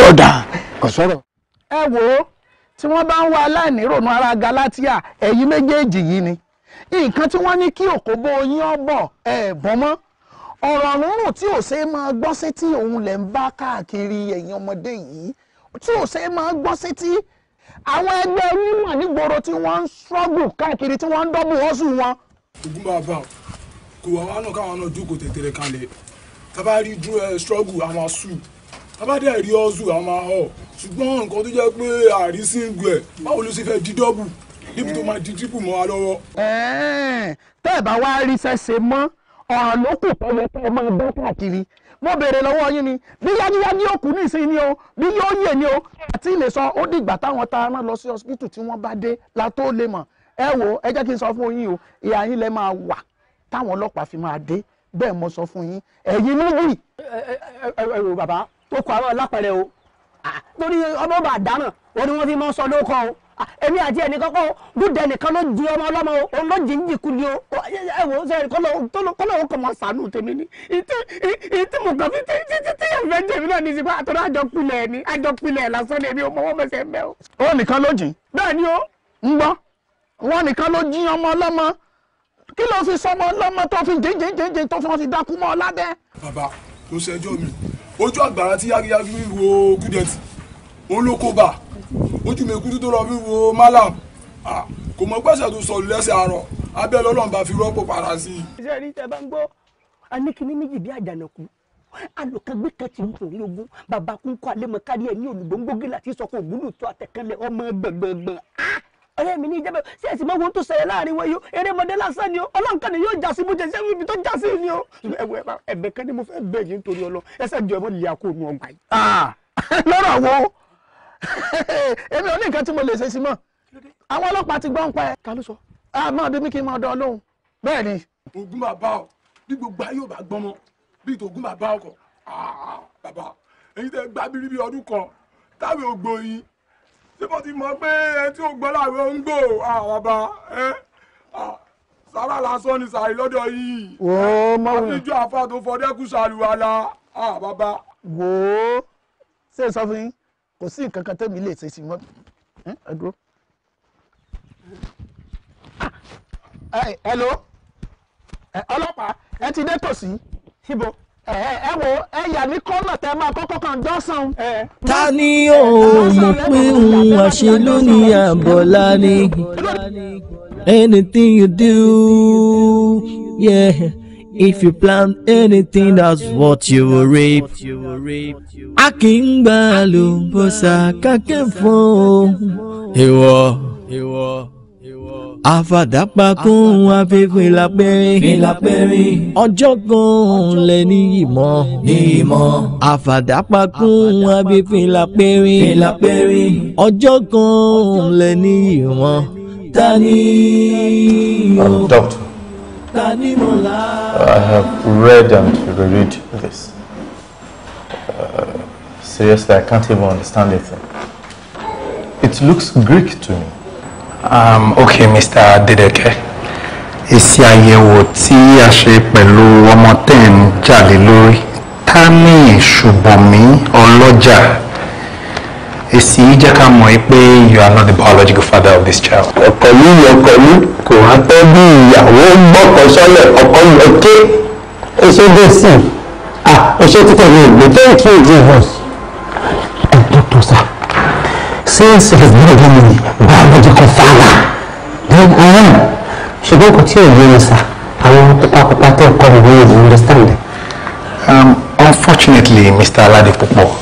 yọ̀dà kò sọ̀rọ̀. tí wọ́n bá ń wá aláìní rònú ara galatia ẹ̀yin méjèèjì yìí ni nǹkan tí wọ́n ní kí òkòbó yín ọ̀bọ̀ ẹ̀ bọ́n mọ́ ọ̀rọ̀ rúnrún tí ò ṣe é máa gbọ́ sétí òun lẹ̀ ń bá káàkiri ẹ̀yìn ọmọdé yìí tí ò ṣe é máa gbọ́ sétí àwọn ẹgbẹ́ onímọ̀ nígboro tí wọ́n ń ṣọ́gùn káàkiri tí wọ́n ń dọ́bù ọ́sù wọn. ogun bá a bá kò wá wá náà káwọn náà jókòó tètèrè kalẹ̀ tábà rí ju ẹ ṣọ́gùn àwọn aṣù tábà dẹ̀ rí ọ́sù àwọn ahọ́ ṣùgbọ́n nǹkan tó jẹ́ pé àrísìngu ẹ̀ báwo wa lọ́wọ́. tẹ́ ẹ̀ ọ̀ràn ló kù tẹ́lẹ̀ tẹ́ ẹ máa bá káàkiri mo béèrè lọ́wọ́ yín ni bí yáníyá ní òkú nísìnyí ni o bí yóò yè ni o àti ilé sọ ó dìgbà táwọn tá a rán lọ sí hospital tí wọ́n bá dé la tó lè mọ̀ ẹ wo ẹ jẹ́ kí n sọ fún yín o ìyá yín lẹ máa wà táwọn ọlọ́pàá fi máa dé bẹ́ẹ̀ mo sọ fún yín ẹ̀yin níbí. ẹ ẹ bàbá tó kọ àwọn lápẹẹrẹ o torí ọmọ bàdánù wọn wọn fi máa sọ lóko o èmi àti ẹnì kọ́kọ́ gúdẹ nìkan ló di ọmọ ọlọ́mọ o ló jì ń jìkú ni o ẹ wò ó sẹ́yìn kọ́lọ́ òun kò mọ sànù tèmi ni ìtí mo kàn fi títí títí ẹ̀fẹ́ tèmi náà ní sí pé àtọ́nà àjọ pilẹ̀ ni àjọ pilẹ̀ lásán ni èmi ò mọwọ́ mẹsẹ̀ mẹ́ o. ó nìkan ló jìn. bẹ́ẹ̀ ni o ń gbọ́ wọn nìkan ló jí ọmọ ọlọ́mọ kí ló fi sọmọ ọlọ́mọ tó fi jìnjìnjìnjìn tó fi dákú mọ́ ọ lábẹ́. bàbá kò ṣẹjọ́ mi ojú àgbàrá tí yágiyági wo kúdẹ̀tì òun ló kó bá a ojú mi kútú tó lọ fi wo malam kò mọ gbèsè tó sọ lẹ́sẹ̀ àárọ̀ abẹ́ lọ́lọ́run bá fi rọ́pò para sí i. iṣẹ́ rí tẹ bá ń gbọ́ a ní kinní méjì bí àjànàkú alùkàgbé kan ti ń torí ogun bàbá kún kọ́ alẹ́ mọ kárí ẹ̀ ní olùgbòǹgbògì láti sọ fún ògbúlù tó àtẹ̀kánlẹ̀ ọmọ gbẹ̀gbẹ̀gbẹ̀ ọ̀rẹ́ mi ní ìjẹ́bẹ̀ sí ẹ̀sìn mọ́ wọn tó ṣẹlẹ̀ láàrin wọ́n yó erémọdé lásán ni ó ọlọ́nkàn ni yóò jásí bó jẹ sí ibi tó jásí ni ó. ẹwẹ ẹ̀bẹ̀ kan ni mo fẹ́ bẹ̀ yín torí ọlọ ẹsẹ jọ ẹ mọ ìyá kó nu ọgbà yìí. lọ́rọ̀ wo èmi ò ní nǹkan tí mo lè ṣe sí mọ́ àwọn ọlọ́pàá ti gbọ́ ń pa ẹ. ká sọ. a máa bí mi kí n máa dán lóhùn bẹ́ẹ̀ ni. ogun máa bá ọ bí gbogbo ayé ò bá gbọ́n mọ́ bí tògùn máa bá ọkọ ah, bàbá èyí tẹ gbá bírí bí ọdún kan táwọn ògbó yín ṣé mo ti mọ pé ẹ tí ò gbọ́ làwọn ń gbò ah, bàbá ẹ ah, sára lásán ni sàrí lọ́dọ̀ yìí. àfijọ́ àfa tó fọdẹ́kù ṣàlùwàlà bàbá. wò ó ṣe é sọ fún yín kò sí nǹkan kan tẹ́mi lè ṣe sí mọ́ ẹ dúró. Ah, hello ọlọ́pàá ẹ ti dé tòsí síbo ẹ wo ẹ yà ní kọ́nà tẹ máa kọ́kọ́ kan jọ́sàn. ta ni ó mọ̀ pé òun àṣẹ lónìí àbọ̀lá ni anything you do yeah. If you plant anything, that's what you will reap. A kì í gba àlùbọ́sà kákẹ́ fún ìwọ. Àfàdàpakùn afẹ́fẹ́ lápẹ́rín. Fi lápẹ́rín. Ọjọ́ kan lẹ ní ìmọ̀. Ní ìmọ̀. Àfàdàpakùn afẹ́fẹ́ lápẹ́rín. Fi lápẹ́rín. Ọjọ́ kan lẹ ní ìmọ̀. Ta ni. I have read and reread this. Uh, seriously, I can't even understand it. It looks Greek to me. Um, okay, Mr. Dedeke. Èsì àyẹ̀wò tí a ṣe pẹ̀lú ọmọ tẹ́ ń jà lórí. Ta ni Ṣùbọ̀mí Ọlọ́jà èsì yìí jẹ́ ká mọ̀ pé you are not the biological father of this child. ọkọ mi ọkọ mi kò wá pẹ́ bí ìyàwó gbọ́kọ̀ sọ́lẹ̀ ọkọ lọ ké ẹṣẹ́ dé sí i ah ẹṣẹ́ títẹ̀ mi ìgbé thank you jesus and doctor sir since he is not given me biological father then i am ṣùgbọ́n kò tí ì yé mi sá àwọn pátápátá tó kọ́ mi ní ìlú understand. Um, unfortunately mr Aládépúpọ̀.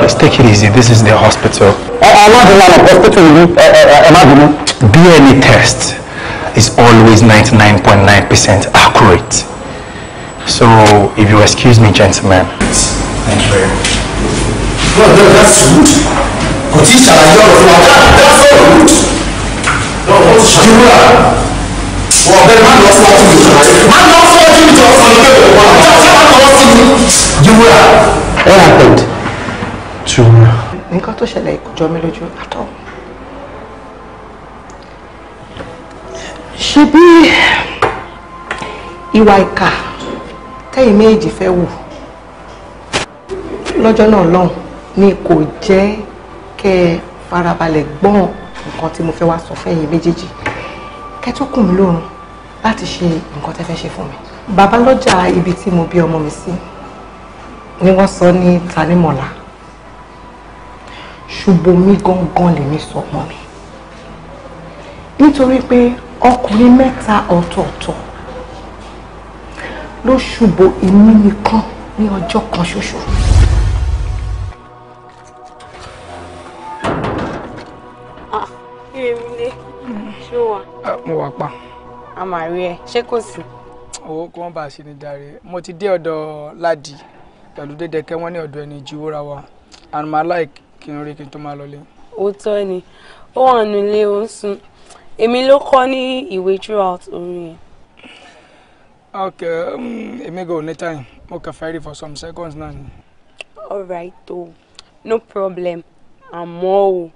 Let's take it easy. This is the hospital. I'm eh, eh, not eh, hospital. I'm DNA e test is always 99.9% .9 accurate. So, if you excuse me, gentlemen. Thank you very much. No, no, that's rude. Kò tí ṣàlàyé ọ̀rọ̀ fún That's so rude. No, wọ́n ti ṣàlàyé ọ̀rọ̀. Wọ́n bẹ́ẹ̀ má lọ fún ọtí mi jọ. Má lọ fún ọtí mi jọ. Wọ́n bẹ́ẹ̀ má lọ fún ọtí mi What happened? Jọ̀wọ́. Nǹkan tó ṣẹlẹ̀ kò jọ mí lójú àtọ̀. Ṣé bí ìwà ìkà tẹ́yìn méjì fẹ́ wù lọ́jọ́ náà lọ́hùn ni kò jẹ́ kẹ́ ẹ farabalẹ̀ gbọ́n nǹkan tí mo fẹ́ wá sọ fẹ́yìn méjèèjì kẹ́tùkùn mi lọ́rùn láti ṣe nǹkan tẹ́ fẹ́ ṣe fún mi. Bàbá lọ́jà ibi tí mo bí ọmọ mi sí ni wọ́n sọ ní Tanímọ̀lá ṣùgbọ́n mi gangan lèmi sọmọ mi nítorí pé ọkùnrin mẹ́ta ọ̀tọ̀ọ̀tọ̀ ló ṣùbò èmi nìkan ní ọjọ́ kan ṣoṣo. Ìrèmílé, ah, ṣó wà? Ah, mo wà pa. A máa rí ẹ, ṣé kò sí? Owó kí wọ́n bá a ṣe ní darí. Mo ti dé ọ̀dọ̀ Ládì pẹ̀lú Dédékẹ́ wọ́n ní ọ̀dọ̀ ẹni ju wúra wa. And my like kí n rí kí n tó máa lọlé. òótọ́ ni ó wà nílé ó ń sun èmi ló kọ́ ní ìwé throughout orin yẹn. ok um, èmi um, go ní time mo kàn fẹ́ rí for some seconds náà ni. alright o no problem àmọ́ o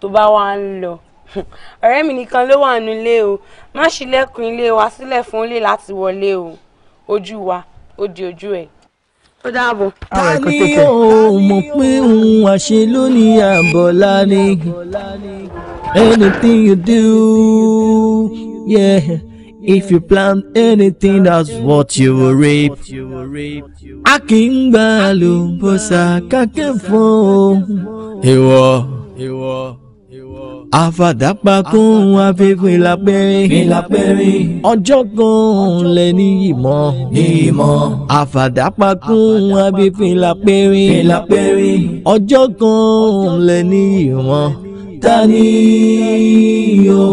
tó bá wá ń lọ ọ̀rẹ́ mi nìkan ló wà nílé o má ṣílẹ̀kùn ilé wa sílẹ̀ fún ilé láti wọlé o ojú wa ó di ojú ẹ̀ ó dáàbò. ta ni ó mọ̀ pé òun àṣẹ ló ní àbọ̀lá ni anything you do yeah. If you plan anything, that's what you will reap. A kì í gbà lóbọ̀sà kákẹ́ fún ìwọ àfàdàpàkùn àfẹ́fẹ́ lápẹ́rẹ́. fi lápẹ́rẹ́. ọjọ́ kan lẹ ní ìmọ̀. ní ìmọ̀. àfàdàpàkùn àfẹ́fẹ́ lápẹ́rẹ́. fi lápẹ́rẹ́. ọjọ́ kan lẹ ní ìmọ̀. ta ni o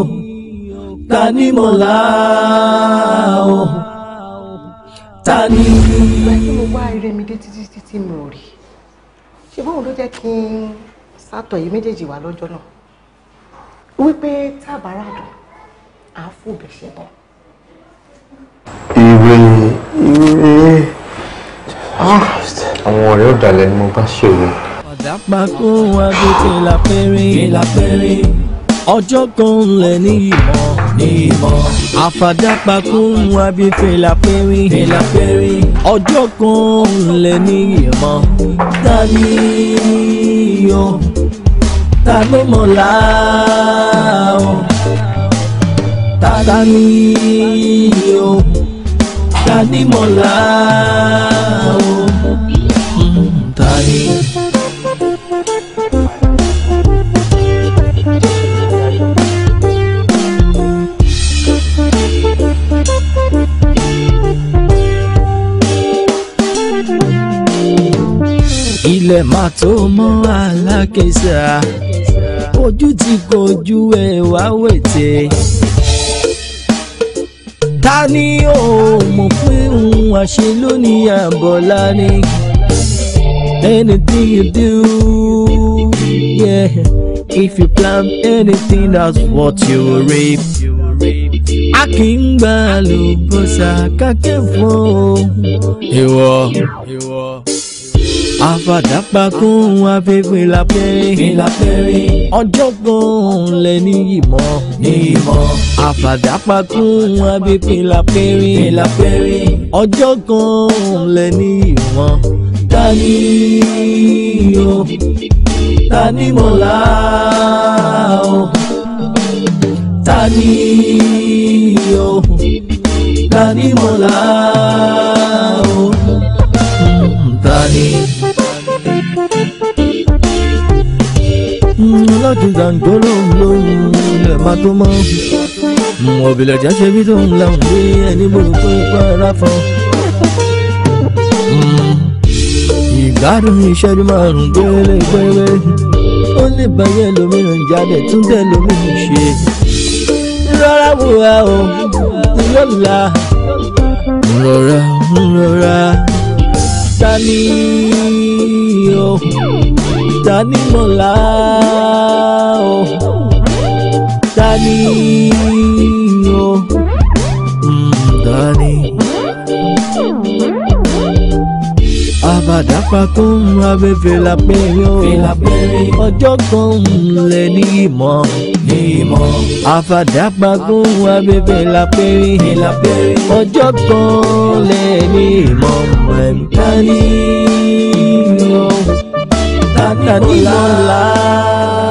ta mo là o ta ni. ìgbà tí mo mo rí ṣé báwo ló jẹ́ kí n sátọ̀ yìí méjèèjì wá lọ́jọ́ náà wípé tábàárà dùn à fòbẹ̀ ṣẹ́bọ̀. ìwé ìwé ah. àwọn ọ̀rẹ́ ọ̀dàlẹ̀ ni mo bá ṣòro. ọ̀dà pàkó wa bí kìlà ọjọ́ kan lẹ̀ ní ìmọ̀ ní ìmọ̀ àfàdàpàkó wa bí fìlà péré ọjọ́ kan lẹ̀ ní ìmọ̀ dání yọ ta ló mọ̀ láàó ta ni o ta ni mọ̀ láàó ta ni. ilẹ̀ máa tó mọ́ alákẹ́sà ojú ti kojú ẹ wá wètè. ta ni ó mọ̀ pé òun àṣẹ lónìí àbọ̀lá ni anything you do yeah. if you plan anything that's what you will reap. a kì í gbà lóko ṣàkàkẹ́ fún ọ. ìwọ àfàdàpàkùn afẹ́fẹ́ la pẹ́rẹ́ la pẹ́rẹ́ ọjọ́ kan lẹ ní ìmọ̀ ní ìmọ̀ àfàdàpàkùn afẹ́fẹ́ la pẹ́rẹ́ la pẹ́rẹ́ ọjọ́ kan lẹ ní ìmọ̀ tani o tani mọ̀lá o tani o tani mọ̀lá o ní. láti gàǹdó ló ń lóyún ilẹ̀ máa tó mọ́. Mm, ọ̀bìlẹ̀ jáde bí tó ń la òun lé ẹni gbòòrò pé ipá ara fọ́. ìgbádùn ìṣẹ́jú márùn-ún gbélé gbélé ó lè báyẹ̀ lómìnà jáde tún tẹ̀ lómìnà ṣe. rọra wo a ò rọra rọra tani o tani mọ̀lá o tani o hmm, tani. àbàdàpà tó ń rabẹ fèlà péré o ọjọ́ kan ń lẹ ní ìmọ̀ ní ìmọ̀ àfàdàpà tó ń rabẹ fèlà péré kan lẹ ní ìmọ̀. I Danilo, Danilo, Danilo,